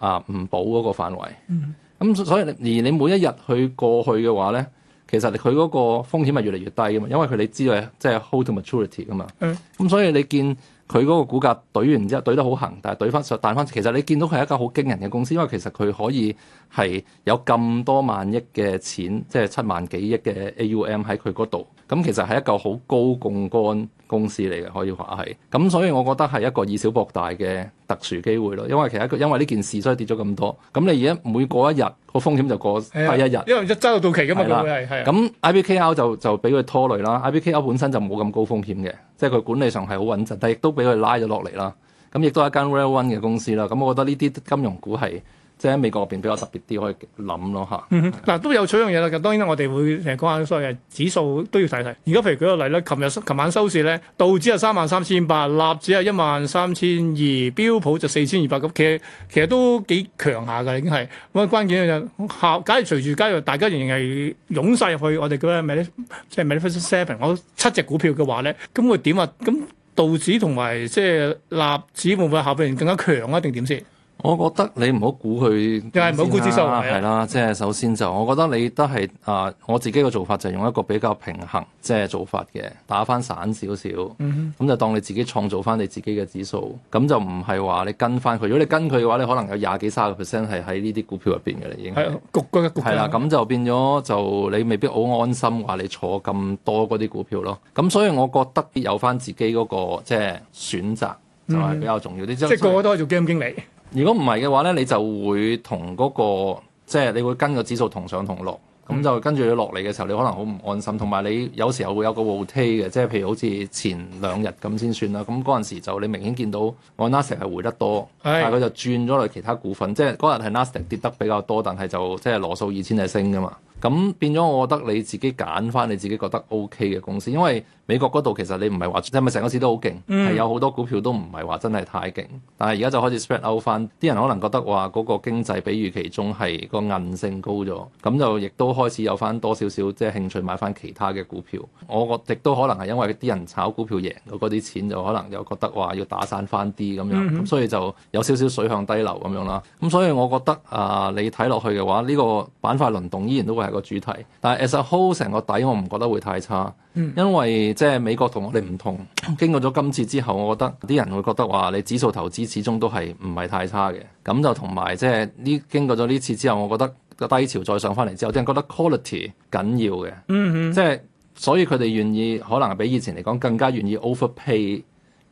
C: 個啊唔保嗰個範圍。嗯。咁、嗯、所以而你每一日去過去嘅話咧，其實佢嗰個風險係越嚟越低㗎嘛，因為佢你知道即係 hold to maturity 㗎嘛。嗯。咁、嗯、所以你見佢嗰個股價懟完之後，懟得好行，但係懟翻就彈翻。但其實你見到佢係一間好驚人嘅公司，因為其實佢可以係有咁多萬億嘅錢，即係七萬幾億嘅 AUM 喺佢嗰度。咁、嗯、其實係一嚿好高槓桿。公司嚟嘅可以話係，咁所以我覺得係一個以小博大嘅特殊機會咯。因為其實因為呢件事，所以跌咗咁多。咁你而家每過一日個風險就過第一日，因
A: 為一週有到期嘅嘛，係，係啊。咁
C: IBKR 就就俾佢拖累啦。IBKR 本身就冇咁高風險嘅，即係佢管理上係好穩陣，但亦都俾佢拉咗落嚟啦。咁亦都係一間 real one 嘅公司啦。咁我覺得呢啲金融股係。即喺美國嗰邊比較特別啲，可以諗咯吓，
A: 嗱、嗯、都有取樣嘢啦，當然啦，我哋會成日講下所謂嘅指數都要睇睇。而家譬如舉個例咧，琴日、琴晚收市咧，道指係三萬三千八，納指係一萬三千二，標普就四千二百咁。其實其實都幾強下嘅，已經係咁。關鍵就是、下，假如隨住加入大家仍然係湧晒入去，我哋叫咩咧？即係 Magnificent Seven，我七隻股票嘅話咧，咁會點啊？咁道指同埋即係納指會唔會下半年更加強啊？定點先？
C: 我覺得你唔好估佢，又係唔好估指數嘅，係啦、啊。啊、即係首先就，我覺得你都係啊，我自己嘅做法就係用一個比較平衡即係做法嘅，打翻散少少，咁、嗯、哼就當你自己創造翻你自己嘅指數。咁就唔係話你跟翻佢。如果你跟佢嘅話，你可能有廿幾三十個 percent 係喺呢啲股票入邊嘅啦，已經係、啊、局㗎，啦，咁、啊、就變咗就你未必好安心話你坐咁多嗰啲股票咯。咁所以我覺得有翻自己嗰、那個即係選擇就係比較重要啲。即係個個都
A: 可以做 game 經理。
C: 如果唔係嘅話咧，你就會同嗰、嗰個即係你會跟個指數同上同落，咁就跟住佢落嚟嘅時候，你可能好唔安心。同埋你有時候會有個 volatility 嘅，即係譬如好似前兩日咁先算啦。咁嗰陣時就你明顯見到，納斯達克係回得多，的但係佢就轉咗去其他股份。即係嗰日係納斯達克跌得比較多，但係就即係羅素二千係升噶嘛。咁變咗，我覺得你自己揀翻你自己覺得 O K 嘅公司，因為美國嗰度其實你唔係話，係咪成個市都好勁？係有好多股票都唔係話真係太勁，但係而家就開始 spread out 翻，啲人可能覺得話嗰個經濟比預期中係個韌性高咗，咁就亦都開始有翻多少少即係、就是、興趣買翻其他嘅股票。我覺得亦都可能係因為啲人炒股票贏到嗰啲錢，就可能又覺得話要打散翻啲咁樣，咁所以就有少少水向低流咁樣啦。咁所以我覺得啊、呃，你睇落去嘅話，呢、這個板塊輪動依然都會係個主題，但係 as a whole 成個底我唔覺得會太差，嗯、因為即係美國同我哋唔同。經過咗今次之後，我覺得啲人會覺得話你指數投資始終都係唔係太差嘅。咁就同埋即係呢經過咗呢次之後，我覺得個低潮再上翻嚟，之後，啲人覺得 quality 緊要嘅，嗯嗯即係所以佢哋願意可能係比以前嚟講更加願意 overpay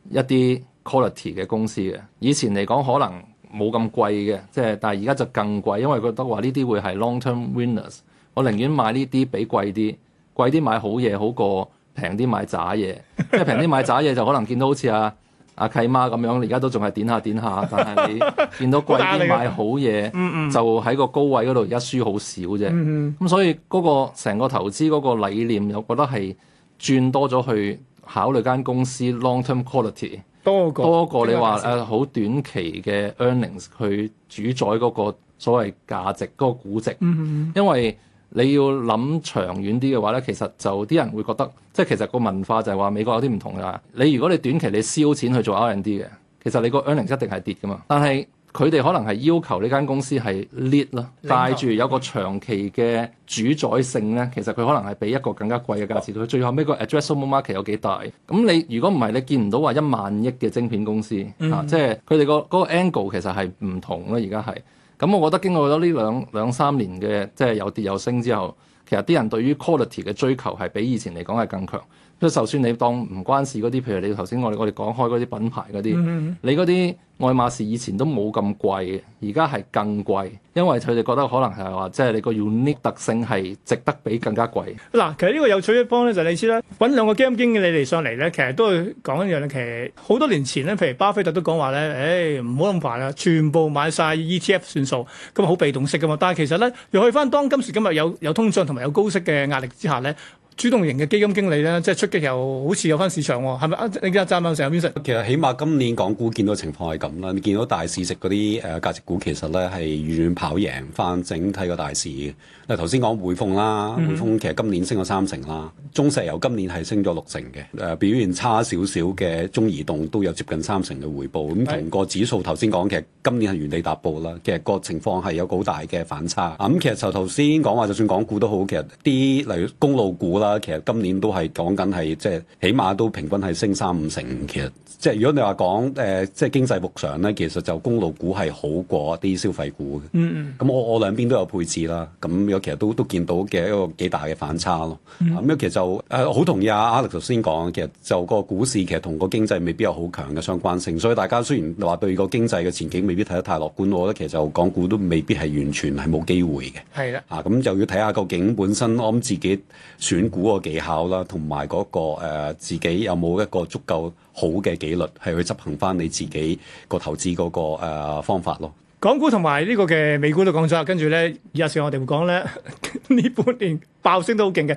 C: 一啲 quality 嘅公司嘅。以前嚟講可能冇咁貴嘅，即係但係而家就更貴，因為覺得話呢啲會係 long-term winners。Term win ners, 我寧願買呢啲畀貴啲，貴啲買好嘢好過平啲買渣嘢。即係平啲買渣嘢就可能見到好似阿阿契媽咁樣，而家都仲係點下點下。但係你見到貴啲買好嘢， 嗯嗯就喺個高位嗰度，而家輸好少啫。咁所以嗰、那個成個投資嗰個理念，我覺得係轉多咗去考慮間公司 long-term quality 多過個多過你話誒好短期嘅 earnings 去主宰嗰個所謂價值嗰、那個估值，嗯嗯嗯因為你要諗長遠啲嘅話咧，其實就啲人會覺得，即係其實個文化就係話美國有啲唔同㗎。你如果你短期你燒錢去做 R&D 嘅，其實你個 earnings 一定係跌㗎嘛。但係佢哋可能係要求呢間公司係 lead 咯，帶住有個長期嘅主宰性咧。其實佢可能係比一個更加貴嘅價值。佢最後尾個 addressable market 有幾大？咁你如果唔係，你見唔到話一萬億嘅晶片公司嚇、嗯啊，即係佢哋個嗰個 angle 其實係唔同咯。而家係。咁，嗯，我覺得經過咗呢兩兩三年嘅即係有跌有升之後，其實啲人對於 quality 嘅追求係比以前嚟講係更強。即就算你當唔關事嗰啲，譬如你頭先我我哋講開嗰啲品牌嗰啲，mm hmm. 你嗰啲愛馬仕以前都冇咁貴，而家係更貴，因為佢哋覺得可能係話即係你個 unique 特性係值得俾更加貴。
A: 嗱，其實呢個有趣嘅一方咧，就係你知啦，揾兩個基金經理嚟上嚟咧，其實都講一樣咧，其實好多年前咧，譬如巴菲特都講話咧，誒唔好咁煩啦，全部買晒 ETF 算數，咁啊好被動式㗎嘛。但係其實咧，又去返當今時今日有有通脹同埋有高息嘅壓力之下咧。主動型嘅基金經理咧，即係出擊又好似有翻市場喎，哦，係咪啊？李家湛啊，成日表實。其
B: 實起碼今年港股見到情況係咁啦，你見到大市值嗰啲誒價值股其實咧係遠遠跑贏翻整體個大市。嗱，頭先講匯豐啦，嗯、匯豐其實今年升咗三成啦，中石油今年係升咗六成嘅。誒、呃、表現差少少嘅中移動都有接近三成嘅回報。咁同的個指數頭先講嘅，其實今年係原地踏步啦。其實個情況係有好大嘅反差。咁、啊嗯、其實就頭先講話，就算港股都好，其實啲例如公路股啦。啊，其實今年都係講緊，係即係起碼都平均係升三五成，其實。即係如果你話講誒，即係經濟復常咧，其實就公路股係好過啲消費股嘅。嗯嗯。咁我我兩邊都有配置啦。咁有其實都都見到嘅一個幾大嘅反差咯。咁樣其實就誒好同意啊 Alex 頭先講，其實就個股市其實同個經濟未必有好強嘅相關性，所以大家雖然話對個經濟嘅前景未必睇得太樂觀，我覺得其實就港股都未必係完全係冇機會嘅。係啦。嚇咁又要睇下究竟本身，我諗自己選股個技巧啦，同埋嗰個誒自己有冇一個足夠。好嘅紀律，係去執行翻你自己個投資嗰、嗰個、呃、方法咯。港股同埋呢個嘅
A: 美股都講咗，跟住咧，日上我哋會講咧，呢 半年爆升都好勁嘅。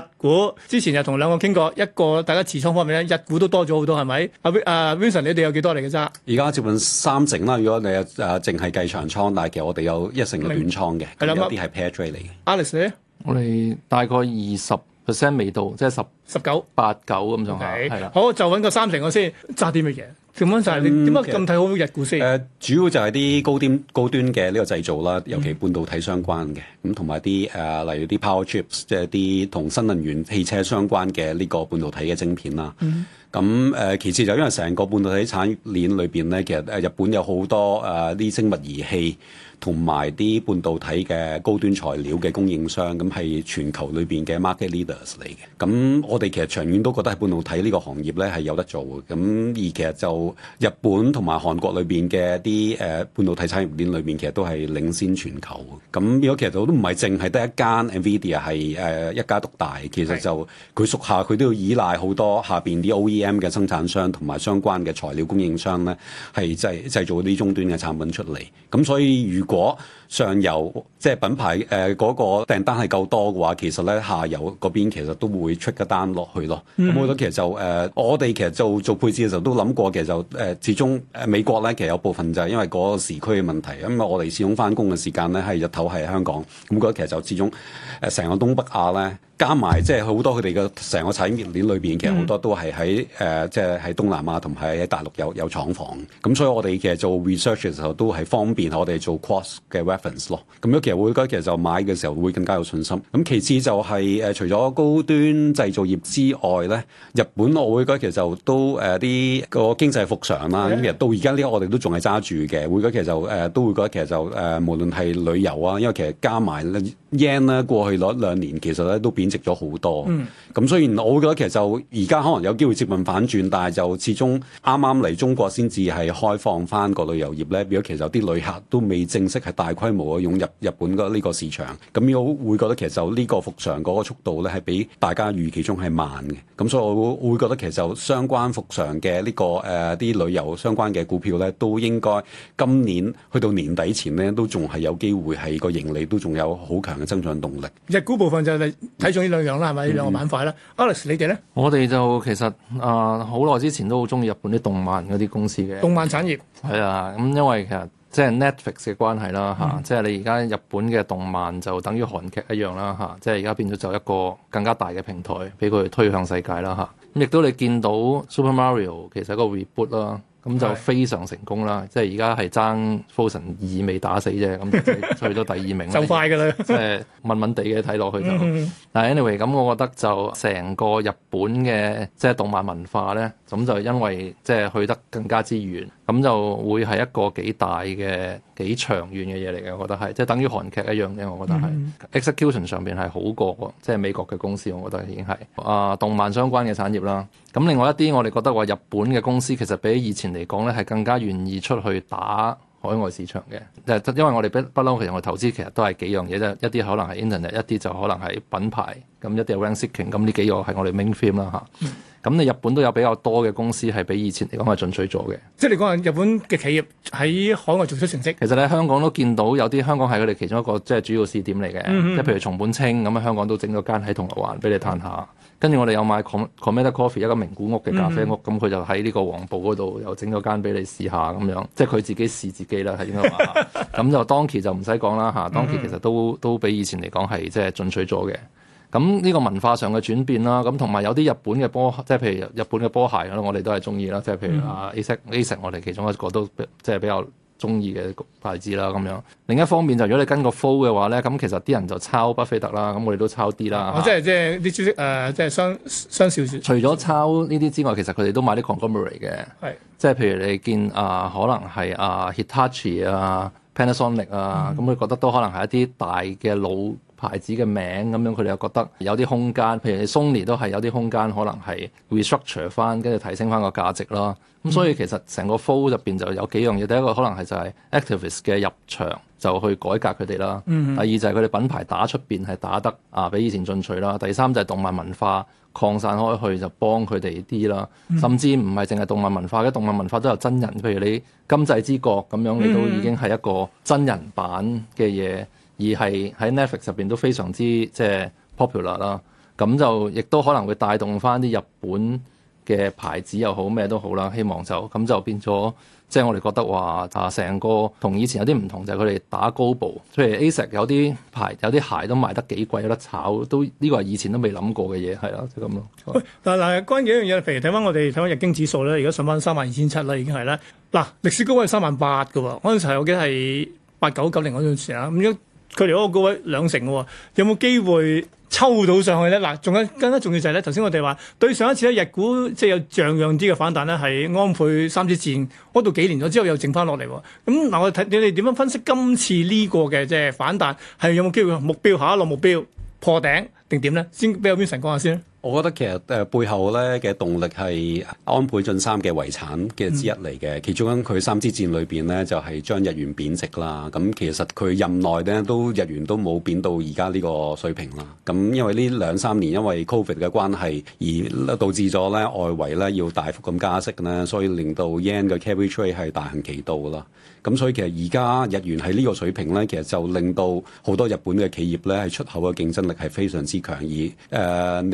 A: 日股之前就同兩個傾過，一個大家持倉方面咧，日股都多咗好多，係咪？阿、uh, Vin，Vincent，
B: 你哋有幾多嚟嘅咋？而家接近三成啦。如果你誒淨係計長倉，但係其實我哋有一成嘅短倉嘅，白有一啲係 pair trade 嚟
C: 嘅。
A: Alex，
B: 我哋大概二十 percent 未到，即係十十九八九咁上下，係啦。
A: 好，就
C: 揾個三成我先揸啲
A: 乜嘢？
B: 點講就係你點解咁睇好日股先？誒、嗯呃，主要就係啲高，高端高端嘅呢個製造啦，尤其半導體相關嘅咁，同埋啲誒，例如啲 Power Chips，即係啲同新能源汽車相關嘅呢個半導體嘅晶片啦。嗯嗯咁誒、呃、其次就因為成個半導體產業鏈裏邊咧，其實誒日本有好多誒啲、呃、精密儀器同埋啲半導體嘅高端材料嘅供應商，咁係全球裏邊嘅 market leaders 嚟嘅。咁我哋其實長遠都覺得係半導體呢個行業咧係有得做嘅。咁而其實就日本同埋韓國裏邊嘅啲誒半導體產業鏈裏邊，其實都係領先全球嘅。咁如果其實都唔係淨係得一間 NVIDIA 係誒一家獨、呃、大，其實就佢屬下佢都要依賴好多下邊啲 O E。M 嘅生產商同埋相關嘅材料供應商咧，係製製造啲終端嘅產品出嚟。咁所以如果上游即係品牌誒嗰、呃那個訂單係夠多嘅話，其實咧下游嗰邊其實都會出一單落去咯。咁我覺得其實就誒、呃，我哋其實做做配置嘅時候都諗過，其實就誒、呃，始終誒、呃、美國咧其實有部分就係因為嗰時區嘅問題。咁啊，我哋始終返工嘅時間咧係日頭係香港。咁覺得其實就始終誒成個東北亞咧，加埋即係好多佢哋嘅成個產業鏈裏邊，其實好多都係喺誒，即係喺東南亞同埋喺大陸有有廠房。咁所以我哋其實做 research 嘅時候都係方便，我哋做 cross 嘅 reference 咯。咁樣其實會覺得其實就買嘅時候會更加有信心。咁其次就係、是、誒、呃，除咗高端製造業之外咧，日本我會覺得其實就都誒啲、呃那個經濟復常啦。咁其實到而家呢個我哋都仲係揸住嘅。會覺得其實就誒、呃、都會覺得其實就誒、呃，無論係旅遊啊，因為其實加埋咧。yen 咧，過去一兩年其實咧都貶值咗好多，嗯，咁所以我覺得其實就而家可能有機會接運反轉，但係就始終啱啱嚟中國先至係開放翻個旅遊業咧，如果其實有啲旅客都未正式係大規模嘅湧入日本個呢個市場，咁有會覺得其實就呢個復常嗰個速度咧係比大家預期中係慢嘅，咁所以我會覺得其實就相關復常嘅呢個誒啲、呃、旅遊相關嘅股票咧，都應該今年去到年底前咧都仲係有機會係個盈利都仲有好強。增長動力，
A: 日股部分就係睇中呢兩樣啦，係咪呢兩個板塊啦、嗯、Alice 你哋咧？
C: 我哋就其實啊，好耐之前都好中意日本啲動漫嗰啲公司嘅動漫產業係啊。咁因為其實即係 Netflix 嘅關係啦，吓即係你而家日本嘅動漫就等於韓劇一樣啦，吓即係而家變咗就一個更加大嘅平台俾佢推向世界啦，吓咁亦都你見到 Super Mario 其實一個 reboot 啦、啊。咁就非常成功啦，是即係而家係爭 Fusion 二未打死啫。咁 去咗第二名啦， 就快噶啦，即係問問地嘅睇落去就。但係、嗯、anyway，咁我覺得就成個日本嘅即係動漫文化咧，咁就是、因為即係、就是、去得更加之遠。咁就會係一個幾大嘅、幾長遠嘅嘢嚟嘅，我覺得係，即係等於韓劇一樣嘅，我覺得係、mm hmm. execution 上邊係好過，即係美國嘅公司，我覺得已經係啊、呃、動漫相關嘅產業啦。咁另外一啲，我哋覺得話日本嘅公司其實比起以前嚟講咧，係更加願意出去打海外市場嘅。就是、因為我哋不嬲，其實我投資其實都係幾樣嘢啫，一啲可能係 internet，一啲就可能係品牌，咁一啲係 ranking，咁呢幾個係我哋 main theme 啦嚇。Mm hmm. 咁你日本都有比較多嘅公司係比以前嚟講係進取咗嘅，即係你講話日本嘅企業喺海外做出成績。其實咧，香港都見到有啲香港係佢哋其中一個即係、就是、主要試點嚟嘅，即係、嗯嗯、譬如松本清咁喺香港都整咗間喺銅鑼灣俾你嘆下，跟住、嗯嗯、我哋有買 Komeda Coffee 一間名古屋嘅咖啡屋，咁佢、嗯嗯、就喺呢個黃埔嗰度又整咗間俾你試下咁樣，即係佢自己試自己啦喺呢度。咁 就當期就唔使講啦嚇，當期其實都都比以前嚟講係即係進取咗嘅。咁呢個文化上嘅轉變啦，咁同埋有啲日本嘅波，即係譬如日本嘅波鞋咁我哋都係中意啦。即係譬如啊 Asics、嗯、哼 c 我哋其中一個都即係比較中意嘅牌子啦。咁樣另一方面就如果你跟個 follow 嘅話咧，咁其實啲人就抄巴菲特啦，咁我哋都抄啲啦、哦啊。即係、
A: 呃、即係啲知識
C: 即係雙雙少少。小小小小小小，除咗抄呢啲之外，其實佢哋都買啲 conglomerate 嘅，是即係譬如你見啊、呃，可能係啊 Hitachi 啊、Panasonic 啊，咁、啊、佢覺得都可能係一啲大嘅老。牌子嘅名咁樣，佢哋又覺得有啲空間。譬如你 Sony 都係有啲空間，可能係 restructure 翻，跟住提升翻個價值啦。咁、嗯、所以其實成個 full 入邊就有幾樣嘢。第一個可能係就係 activist 嘅入場，就去改革佢哋啦。嗯、第二就係佢哋品牌打出邊係打得啊，比以前進取啦。第三就係動漫文化擴散開去，就幫佢哋啲啦。嗯、甚至唔係淨係動漫文化，嘅動漫文化都有真人。譬如你今際之國咁樣，你都已經係一個真人版嘅嘢。嗯而係喺 Netflix 入邊都非常之即係 popular 啦，咁就亦都可能會帶動翻啲日本嘅牌子又好咩都好啦，希望就咁就變咗即係我哋覺得話啊成個同以前有啲唔同，就係佢哋打高部，譬如 Asics、e、有啲牌有啲鞋都賣得幾貴，有得炒都呢個係以前都未諗過嘅嘢係啦，就咁咯。
A: 但嗱嗱，關鍵一樣嘢，譬如睇翻我哋睇翻日經指數咧，而家上翻三萬二千七啦，已經係啦。嗱，歷史高位係三萬八嘅喎，嗰陣時我記得係八九九零嗰陣時啊，咁佢距離嗰個高位兩成喎，哦，有冇機會抽到上去咧？嗱，仲一更加重要就係咧，頭先我哋話對上一次咧，日股即係有像樣啲嘅反彈咧，係安倍三支箭，嗰度幾年咗之後又剩翻落嚟。咁嗱，我睇你哋點樣分析今次呢個嘅即係反彈係有冇機會目標下一個目標？破頂定點咧？先俾阿 Vincent 講下先。
B: 我覺得其實誒、呃、背後咧嘅動力係安倍晉三嘅遺產嘅之一嚟嘅。嗯、其中喺佢三支戰裏邊咧，就係、是、將日元貶值啦。咁其實佢任內咧，都日元都冇貶到而家呢個水平啦。咁因為呢兩三年因為 Covid 嘅關係而導致咗咧，外圍咧要大幅咁加息咧，所以令到 yen 嘅 carry trade 係大行其道啦。咁所以其實而家日元喺呢個水平咧，其實就令到好多日本嘅企業咧，係出口嘅競爭力係非常之強。而誒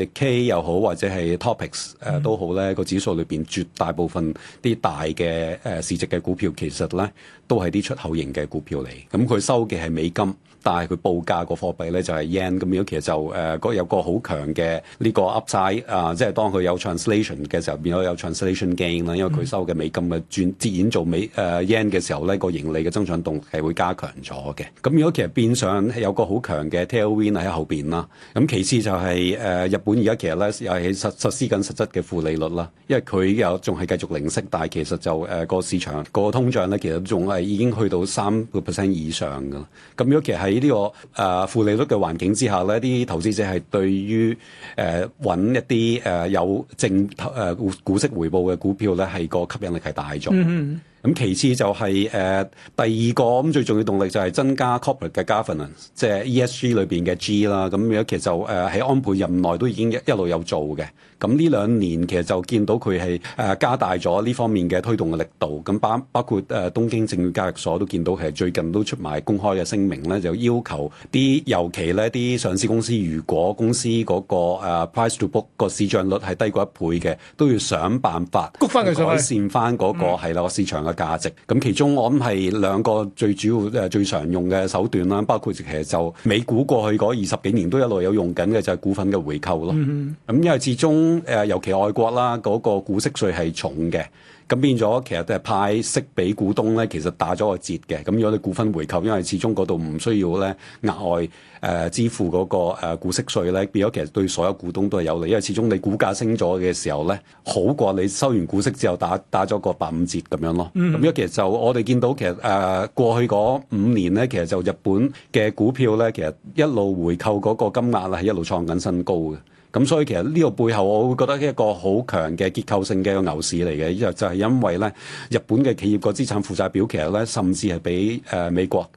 B: Nikkei 又好，或者係 Topics 誒都好咧，個、嗯、指數裏邊絕大部分啲大嘅誒、呃、市值嘅股票，其實咧都係啲出口型嘅股票嚟。咁佢收嘅係美金。但係佢報價個貨幣咧就係、是、yen 咁如果其實就誒、呃、個有個好強嘅呢、這個 Upside 啊、呃，即係當佢有 translation 嘅時候，變咗有 translation gain 啦，因為佢收嘅美金嘅轉折現做美誒、呃、yen 嘅時候咧，個盈利嘅增長動力係會加強咗嘅。咁如果其實變相有個好強嘅 Tailwind 喺後邊啦。咁其次就係、是、誒、呃、日本而家其實咧又係實實施緊實質嘅負利率啦，因為佢又仲係繼續零息，但係其實就誒個、呃、市場、那個通脹咧其實仲係已經去到三個 percent 以上㗎。咁如果其實係喺呢個誒負利率嘅環境之下咧，啲投資者係對於誒揾、呃、一啲誒、呃、有正誒、呃、股息回報嘅股票咧，係個吸引力係大咗。嗯咁其次就係、是、誒、呃、第二個咁、嗯、最重要動力就係增加 corporate 嘅 governance，即係 ESG 裏邊嘅 G 啦、嗯。咁其實就誒喺、呃、安倍任內都已經一,一路有做嘅。咁呢兩年其實就見到佢係誒加大咗呢方面嘅推動嘅力度。咁、嗯、包包括誒、呃、東京證券交易所都見到其實最近都出埋公開嘅聲明咧，就要求啲尤其咧啲上市公司，如果公司嗰、那個、呃、price to book 個市賬率係低過一倍嘅，都要想辦法谷翻佢改善翻、那、嗰個啦個市場嘅。嗯嗯價值咁，其中我諗係兩個最主要誒、呃、最常用嘅手段啦，包括其實就美股過去嗰二十幾年都一路有用緊嘅就係、是、股份嘅回購咯。咁、mm hmm. 因為始終誒尤其外國啦，嗰、那個股息稅係重嘅。咁變咗，其實都係派息俾股東咧，其實打咗個折嘅。咁如果你股份回購，因為始終嗰度唔需要咧額外誒、呃、支付嗰、嗰個、呃、股息稅咧，變咗其實對所有股東都係有利，因為始終你股價升咗嘅時候咧，好過你收完股息之後打打咗個八五折咁樣咯。咁樣、mm hmm. 其實就我哋見到其實誒、呃、過去嗰五年咧，其實就日本嘅股票咧，其實一路回購嗰個金額咧係一路創緊新高嘅。咁、嗯、所以其實呢個背後，我會覺得一個好強嘅結構性嘅牛市嚟嘅，就就是、係因為呢，日本嘅企業個資產負債表其實呢，甚至係比誒、呃、美國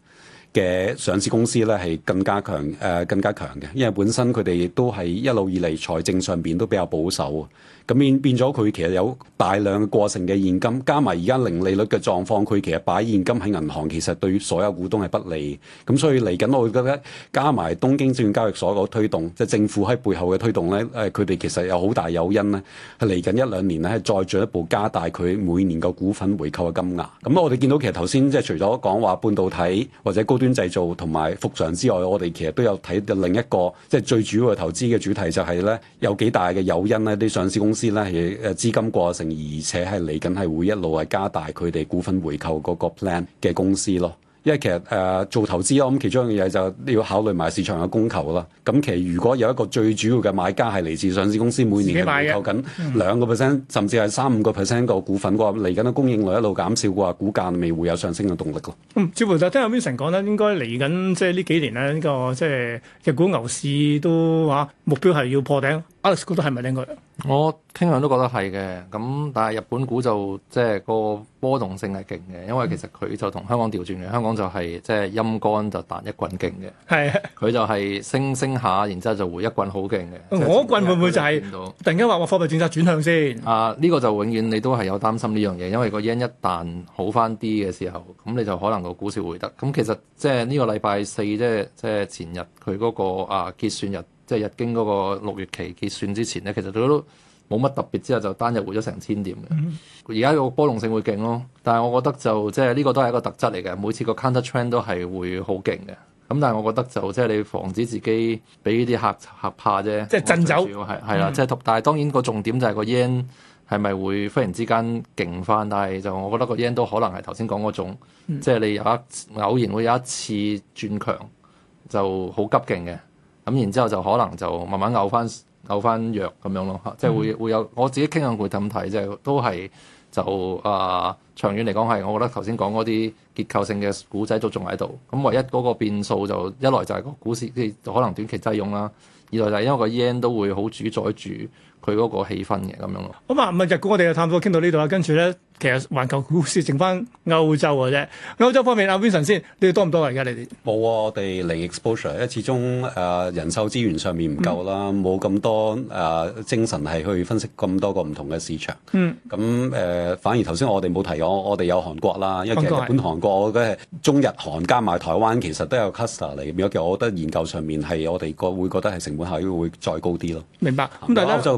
B: 嘅上市公司呢，係更加強誒、呃、更加強嘅，因為本身佢哋都係一路以嚟財政上邊都比較保守。咁變咗，佢其實有大量嘅過剩嘅現金，加埋而家零利率嘅狀況，佢其實擺現金喺銀行，其實對所有股東係不利。咁所以嚟緊我會覺得加埋東京證券交易所個推動，即係政府喺背後嘅推動咧，誒，佢哋其實有好大誘因咧，係嚟緊一兩年咧，係再進一步加大佢每年嘅股份回購嘅金額，咁我哋見到其實頭先即係除咗講話半導體或者高端製造同埋復常之外，我哋其實都有睇另一個即係最主要嘅投資嘅主題就係咧，有幾大嘅誘因咧，啲上市公司。先咧，亦誒資金過剩，而且係嚟緊係會一路係加大佢哋股份回購嗰個 plan 嘅公司咯。因為其實誒、呃、做投資，我諗其中一樣嘢就要考慮埋市場嘅供求啦。咁其實如果有一個最主要嘅買家係嚟自上市公司，每年嘅回購緊兩個 percent，甚至係三五個 percent 個股份嘅話，嚟緊嘅供應量一路減少嘅話，股價未會有上升嘅動力咯。嗯，
A: 趙博就聽 Vincent 講咧，應該嚟緊即係呢幾年咧呢、呢個即係日股牛市都嚇、啊、目標係要破頂。
C: 覺得係咪應該？我傾向都覺得係嘅，咁但係日本股就即係個波動性係勁嘅，因為其實佢就同香港調轉嘅，香港就係即係陰乾就彈一棍勁嘅，係佢就係升升下，然之後就回一棍好勁嘅。我棍會唔會就係突然間話話貨幣政策轉向先？啊，呢個就永遠你都係有擔心呢樣嘢，因為個 yen 一旦好翻啲嘅時候，咁你就可能個股市回得。咁其實即係呢個禮拜四，即係即係前日佢嗰個啊結算日。即係日經嗰個六月期結算之前咧，其實佢都冇乜特別，之後就單日回咗成千點
A: 嘅。
C: 而家個波動性會勁咯，但係我覺得就即係呢個都係一個特質嚟嘅。每次個 counter trend 都係會好勁嘅。咁但係我覺得就即係你防止自己俾呢啲客客怕啫，即係震走係係啦。即係、嗯嗯、但係當然個重點就係個 yen 係咪會忽然之間勁返？但係就我覺得個 yen 都可能係頭先講嗰種，嗯、即係你有一偶然會有一次轉強就好急勁嘅。咁然之後就可能就慢慢嘔翻嘔翻弱咁樣咯，即係會、嗯、會有我自己傾向會咁睇，即係都係就啊、呃、長遠嚟講係，我覺得頭先講嗰啲結構性嘅股仔都仲喺度。咁、嗯、唯一嗰個變數就一來就係個股市，即可能短期擠擁啦；二來就係因為個 yen 都會好主宰住。佢嗰個氣氛嘅咁樣咯。
A: 咁啊，唔係日股我哋嘅探討傾到呢度啊。跟住咧，其實環球股市剩翻歐洲嘅啫。歐洲方面，阿、啊、Vincent 先，你哋多唔多嘅而家你哋？
B: 冇啊，我哋零 exposure，因為始終誒人手資源上面唔夠啦，冇咁多誒精神係去分析咁多個唔同嘅市場。嗯。咁、嗯、誒、嗯，反而頭先我哋冇提我，我哋有韓國啦，因為其實日本、韓國嘅、嗯嗯、中日韓加埋台灣，其實都有 customer 嚟嘅。其實我覺得研究上面係我哋個會覺得係成本效益會再高啲咯。明白。咁但係咧。歐洲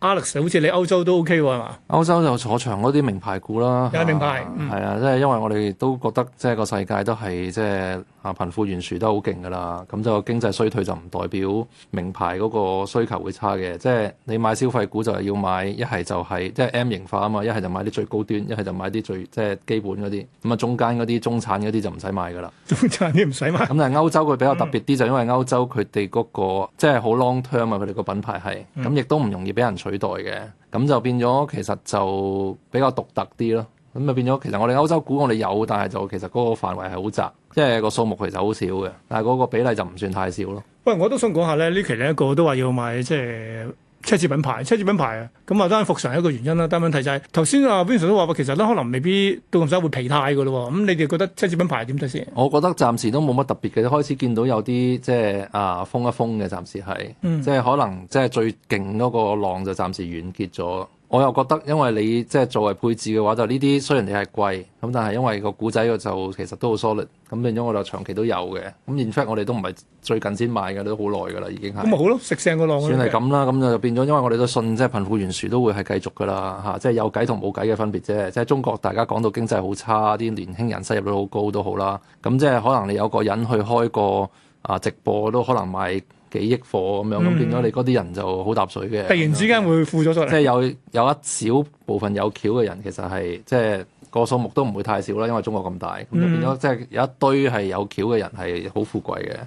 A: Alex，好似你歐洲都 OK 喎，係嘛？
B: 歐洲就坐長嗰啲名
C: 牌股啦，係名牌，係啊，即係、嗯、因為我哋都覺得即係、就是、個世界都係即係啊貧富懸殊都好勁㗎啦，咁就經濟衰退就唔代表名牌嗰個需求會差嘅。即、就、係、是、你買消費股就係要買一係就係即係 M 型化啊嘛，一係就買啲最高端，一係就買啲最即係、就是、基本嗰啲，咁啊中間嗰啲中產嗰啲就唔使買㗎啦。中產啲唔使買？咁但係歐洲佢比較特別啲，嗯、就因為歐洲佢哋嗰個即係好 long term 啊，佢哋個品牌係咁，亦都唔容易俾人取代嘅，咁 就變咗其實就比較獨特啲咯。咁啊變咗，其實我哋歐洲股我哋有，但係就其實嗰個範圍係好窄，即係個數目其實好少嘅，但係嗰個比例就唔算太少咯。
A: 喂，我都想講下咧，期呢期咧一個都話要買即係。就是奢侈品牌，奢侈品牌啊，咁啊當然復常係一個原因啦。單問睇曬，頭先啊 Vincent 都話話，其實咧可能未必到咁深會疲態嘅咯。咁你哋覺得奢侈品牌點睇先？
C: 我覺得暫時都冇乜特別嘅，開始見到有啲即係啊封一封嘅，暫時係、嗯，即係可能即係最勁嗰個浪就暫時完結咗。我又覺得，因為你即係作為配置嘅話，就呢啲雖然你係貴，咁但係因為個古仔就其實都好 solid，咁變咗我就長期都有嘅。咁 in fact 我哋都唔係最近先買嘅，都好耐噶啦，已經係。咁咪
A: 好咯，食剩個浪。算係咁
C: 啦，咁就變咗，因為我哋都信即係貧富懸殊都會係繼續噶啦嚇，即係有計同冇計嘅分別啫。即係中國大家講到經濟好差，啲年輕人收入都好高都好啦。咁即係可能你有個人去開個啊直播都可能賣。幾億貨咁樣，咁、嗯、變咗你嗰啲人就好揼水嘅。突然之
A: 間會富咗出嚟，即係有
C: 有一小部分有橋嘅人，其實係即係個數目都唔會太少啦，因為中國咁大，咁、嗯、就變咗即係有一堆係有橋嘅人係好富貴嘅。咁、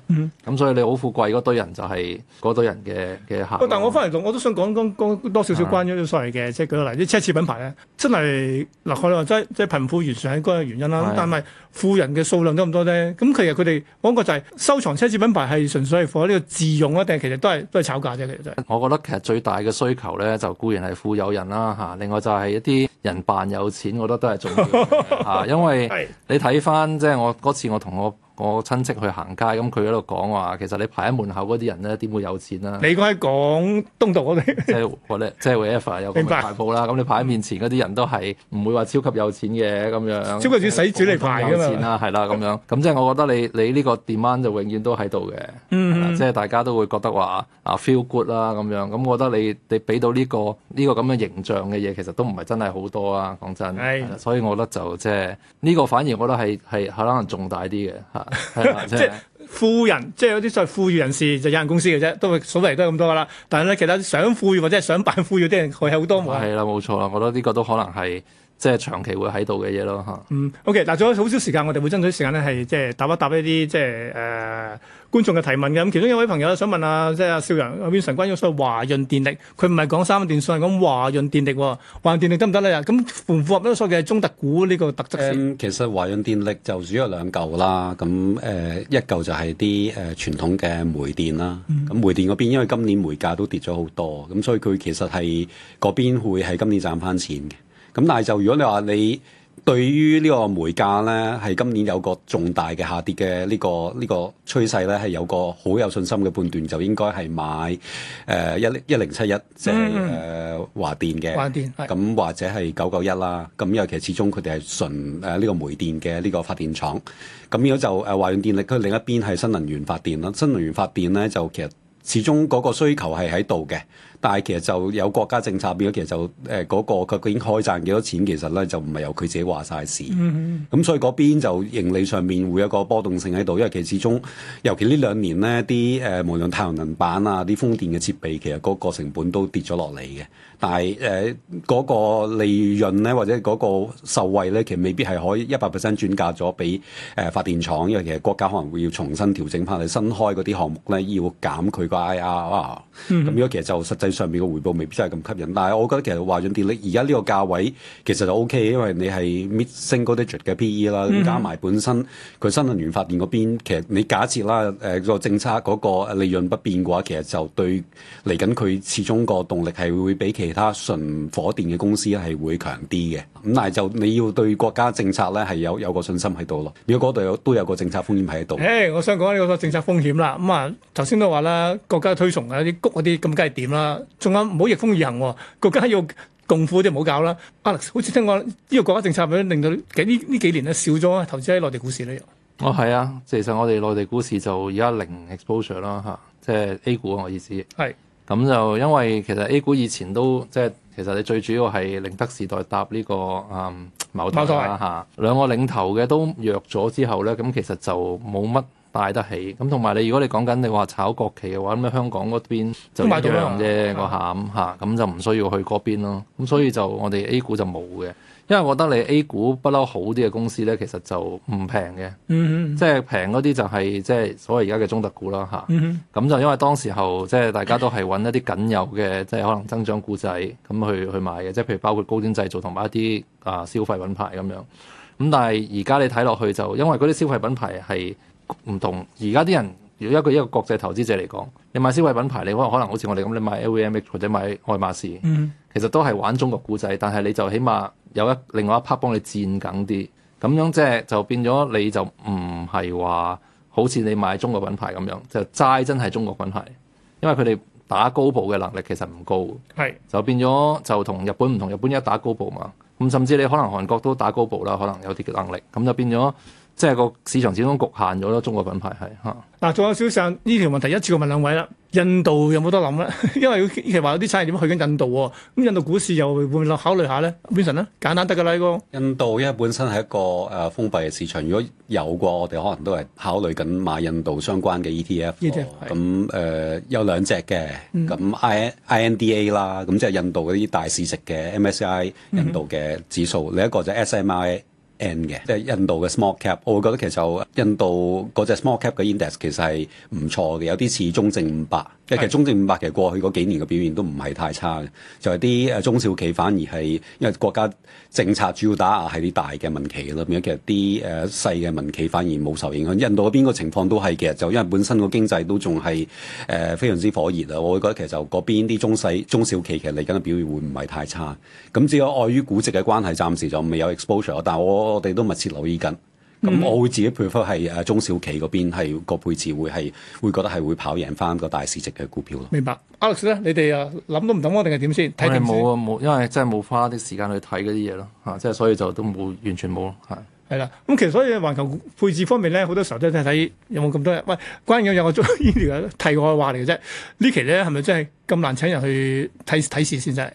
C: 嗯、所以你好富貴嗰堆人就係嗰堆人嘅嘅客。但
A: 我翻嚟我都想講講多少少關於啲所謂嘅，即係舉個例，啲奢侈品牌咧，真係嗱，佢話即係即係貧富懸殊係嗰個原因啦，的但係。富人嘅數量都咁多啫。咁其實佢哋嗰個就係收藏奢侈品牌，係純粹係放喺呢個自用啊，定係其實都係都係炒價啫。其實、就係、
C: 我覺得其實最大嘅需求咧，就固然係富有人啦、啊、嚇，另外就係一啲人扮有錢，我覺得都係重要嚇， 因為你睇翻即係我嗰次我同我。我親戚去行街，咁佢喺度講話，其實你排喺門口嗰啲人咧，點會有錢啊？你講
A: 喺廣東道、
C: 就是，我哋即係我咧，即係 Wee Eva 有個大鋪啦。咁白你排喺面前嗰啲人都係唔會話超級有錢嘅咁樣。超級要使主力、欸啊、排噶嘛？錢啦，係啦，咁樣咁即係我覺得你你呢個 demand 就永遠都喺度嘅。嗯嗯，即係、啊就是、大家都會覺得話啊 feel good 啦、啊、咁樣。咁我覺得你你俾到呢、這個呢、這個咁嘅形象嘅嘢，其實都唔係真係好多啊。講真，係的，所以我覺得就即係呢個反而我覺得係係可能重大啲嘅嚇。 即係
A: 富人，即係有啲所謂富裕人士，就有限公司嘅啫，都數得嚟都係咁多㗎啦。但係咧，
C: 其他想富裕或者係想扮富裕啲人，佢係好多嘛。係啦， 冇錯啦，我覺得呢個都可能係。即係長期會喺度嘅嘢咯，嚇、嗯。嗯
A: ，OK，嗱，仲有好少時間，我哋會爭取時間呢係即係答一答一啲即係誒、呃、觀眾嘅提問嘅。咁其中有一位朋友想問啊，即係阿少陽嗰邊關於所謂華潤電力，佢唔係講三文電信咁、哦，華潤電力華潤電力得唔得咧？咁符符合乜嘢
B: 所謂嘅中特股呢個特質性？其實華潤電力就主要有兩嚿啦，咁誒、呃、一嚿就係啲誒傳統嘅煤電啦。咁煤電嗰邊因為今年煤價都跌咗好多，咁所以佢其實係嗰邊會喺今年賺翻錢嘅。咁但係就如果你話你對於呢個煤價咧，係今年有個重大嘅下跌嘅，這個這個、呢個呢個趨勢咧，係有個好有信心嘅判斷，就應該係買誒一零七一即係誒華電嘅。華電係。咁或者係九九一啦。咁因為其實始終佢哋係純誒呢個煤電嘅呢、這個發電廠。咁如果就誒華潤電力佢另一邊係新能源發電啦。新能源發電咧就其實始終嗰個需求係喺度嘅。但係其實就有國家政策變咗，其實就誒嗰、呃嗰個究竟可以賺幾多錢，其實咧就唔係由佢自己話晒事。咁、mm hmm. 嗯、所以嗰邊就盈利上面會有個波動性喺度，因為其實始終，尤其呢兩年咧，啲誒無論太陽能板啊，啲風電嘅設備，其實嗰個成本都跌咗落嚟嘅。但係誒嗰個利潤咧，或者嗰個受惠咧，其實未必係可以一百 percent 轉嫁咗俾誒發電廠，因為其實國家可能會要重新調整，返你新開嗰啲項目咧要減佢個 IRR 咁如果其實就實際上面嘅回報未必真係咁吸引。但係我覺得其實華潤電力而家呢個價位其實就 OK，因為你係 mid single digit 嘅 PE 啦，嗯、加埋本身佢新能源發電嗰邊，其實你假設啦誒個政策嗰個利潤不變嘅話，其實就對嚟緊佢始終個動力係會比其其他純火電嘅公司係會強啲嘅，咁但係就你要對國家政策咧係有有個信心喺度咯。如果嗰度有都有個政策風險喺度，誒
A: ，hey, 我想講呢個政策風險啦。咁、嗯、啊，頭先都話啦，國家推崇啊啲谷嗰啲，咁梗係點啦？仲有唔好逆風而行，國家要共富啲，唔好搞啦。Alex，好似聽講呢、這個國家政策咧令到呢呢呢幾年咧少咗啊，投資喺內地股市咧？
C: 哦，係啊，其實我哋內地股市就而家零 exposure 啦吓，即係 A 股我意思係。咁就因為其實 A 股以前都即係其實你最主要係寧德時代搭呢、呢個啊茅、嗯、台啦嚇台是兩個領頭嘅都弱咗之後咧，咁其實就冇乜帶得起。咁同埋你如果你講緊你話炒國企嘅話，咁香港嗰邊就弱啫個慘嚇，咁就唔需要去嗰邊咯。咁所以就我哋 A 股就冇嘅。因為我覺得你 A 股不嬲好啲嘅公司咧，其實就唔平嘅，嗯哼、嗯嗯，即係平嗰啲就係即係所謂而家嘅中特股啦，吓、嗯嗯嗯，咁就因為當時候即係大家都係揾一啲僅有嘅，即係可能增長股仔咁去去買嘅，即係譬如包括高端製造同埋一啲啊消費品牌咁樣，咁但係而家你睇落去就因為嗰啲消費品牌係唔同，而家啲人。如果一個一個國際投資者嚟講，你買消費品牌，你可能可能好似我哋咁，你買 LVMH 或者買愛馬仕，嗯、其實都係玩中國古仔，但係你就起碼有一另外一 part 幫你戰緊啲，咁樣即、就、係、是、就變咗你就唔係話好似你買中國品牌咁樣，就齋真係中國品牌，因為佢哋打高部嘅能力其實唔高，係是就變咗就同日本唔同，日本一打高部嘛，咁甚至你可能韓國都打高部啦，可能有啲嘅能力，咁就變咗。即係個市場始終局限咗咯，中國品牌係嚇。
A: 嗱、嗯，仲有少少呢條問題，一次過問兩位啦。印度有冇得諗咧？ 因為其期話有啲差點去緊印度喎、哦，咁印度股市又會唔會考慮下咧？Vincent 咧，簡單得㗎啦，呢個。
B: 印度因為本身係一個誒、呃、封閉嘅市場，如果有過，我哋可能都係考慮緊買印度相關嘅 ETF ETF、哦。ETF？ETF？咁誒有兩隻嘅，咁、嗯、INDA 啦，咁即係印度嗰啲大市值嘅 MSCI 印度嘅指數，嗯、哼另一個就 SMI。嘅即係印度嘅 small cap，我會覺得其實印度嗰隻 small cap 嘅 index 其實係唔錯嘅，有啲似中證五百，即係其實中證五百其實過去嗰幾年嘅表現都唔係太差嘅，就係啲誒中小企反而係因為國家政策主要打壓係啲大嘅民企咯，變咗其實啲誒細嘅民企反而冇受影響。印度嗰邊個情況都係其實就因為本身個經濟都仲係誒非常之火熱啊，我會覺得其實就嗰邊啲中細中小企其實嚟緊嘅表現會唔係太差，咁只有礙於估值嘅關係，暫時就未有 exposure，但我。我哋都密切留意緊，咁我會自己配服係誒中小企嗰邊係個配置會係會覺得係會跑贏翻個大市值嘅股票咯。明白
C: ，Alex 咧，你哋啊諗都唔諗我定係點先？睇定冇啊冇，因為真係冇花啲時間去睇嗰啲嘢咯嚇，即、啊、係所以就都冇完全冇咯
A: 嚇。係啦，咁其實所以環球配置方面咧，好多時候都係睇有冇咁多人喂，關於有個 呢嘅，題外話嚟嘅啫。呢期咧係咪真係咁難請人去睇睇線先？就係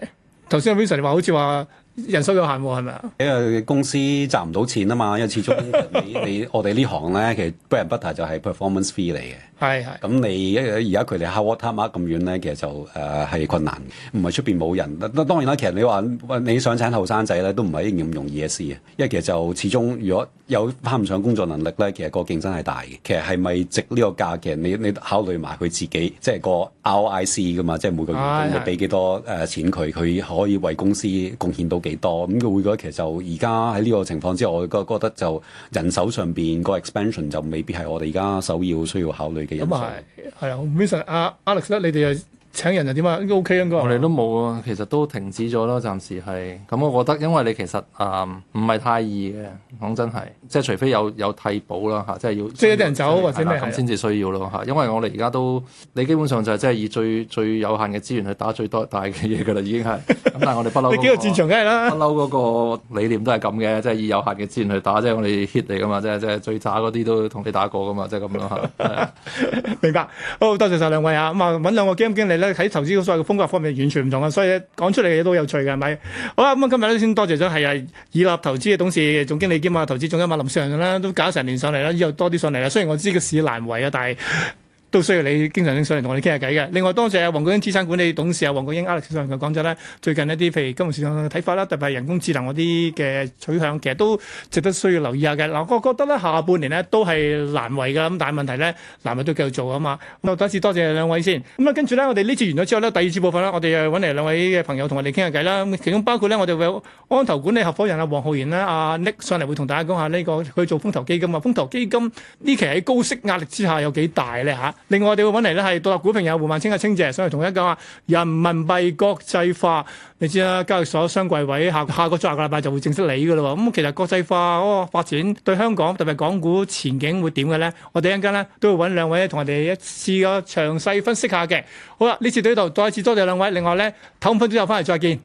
A: 頭先 Vincent 話好似話。人數有限喎，係咪啊？
B: 因為公司賺唔到錢啊嘛，因為始終你，你，你我哋呢行咧，其實 bread and butter 就係 performance fee 嚟嘅。係係。咁 你而家佢哋 high water mark 咁遠咧，其實就誒係、呃、困難嘅。唔係出邊冇人，當然啦。其實你話你想請後生仔咧，都唔係一件咁容易嘅事啊。因為其實就始終如果。有攀唔上工作能力咧，其實個競爭係大嘅。其實係咪值呢個價？其實你你考慮埋佢自己，即係個 ROIC 噶嘛，即係每個員工、啊、你俾幾多誒錢佢，佢可以為公司貢獻到幾多？咁佢會覺得其實就而家喺呢個情況之下，我覺得得就人手上邊個 expansion 就未必係我哋而家首要需要考慮嘅因素。咁
C: 啊係係啊，唔好意思啊，Alex 咧，你哋啊。Alex, 請人又點啊？應該 OK 應該。我哋都冇啊，其實都停止咗啦，暫時係。咁我覺得，因為你其實誒唔係太易嘅，講真係，即係除非有有替補啦嚇，即係要，要即係啲人走或者咩咁先至需要咯嚇。因為我哋而家都你基本上就係即係以最最有限嘅資源去打最多大嘅嘢㗎啦，已經係。咁但係我哋不嬲。 你幾個戰場梗係啦。不嬲嗰個理念都係咁嘅，即係以有限嘅資源去打，即係我哋 hit 你㗎嘛，即係即係最渣嗰啲都同你打過㗎嘛，即係咁樣。明白。好，多謝晒兩位啊。咁啊，揾兩個 game 經理咧。喺投資嘅所謂嘅風
A: 格方面完全唔同啊，所以講出嚟嘅嘢都有趣嘅係咪？好啦，咁啊今日咧先多謝咗，係啊，以立投資嘅董事總經理兼啊投資總監林少陽啦，都搞成年上嚟啦，又多啲上嚟啦。雖然我知個市難為啊，但係。 都需要你經常性上嚟同我哋傾下偈嘅。另外多謝啊，黃國英資產管理董事啊，黃國英 Alex 上嚟嘅講者咧，最近一啲譬如金融市場嘅睇法啦，特別係人工智能嗰啲嘅取向，其實都值得需要留意下嘅。嗱，我覺得咧下半年咧都係難為嘅，咁但係問題咧難為都繼續做啊嘛。咁啊，多一次多謝兩位先。咁啊，跟住咧我哋呢次完咗之後咧，第二節部分咧，我哋又揾嚟兩位嘅朋友同我哋傾下偈啦。其中包括咧，我哋會有安投管理合伙人啊，黃浩然啦，阿、啊、Nick 上嚟會同大家講下呢、呢個佢做風投基金啊。風投基金呢期喺高息壓力之下有幾大咧嚇？另外我哋會搵嚟咧係獨立股評人胡孟青嘅青姐，上嚟同一講啊，人民幣國際化，你知啦，啊，交易所雙櫃位下下個再下個禮拜就會正式理噶啦。咁、嗯、其實國際化嗰個發展對香港特別港股前景會點嘅咧？我哋一陣間咧都會搵兩位同我哋一次個詳細分析下嘅。好啦，呢次對到呢度，再一次多謝兩位，另外咧，唞五分鐘之後翻嚟再見。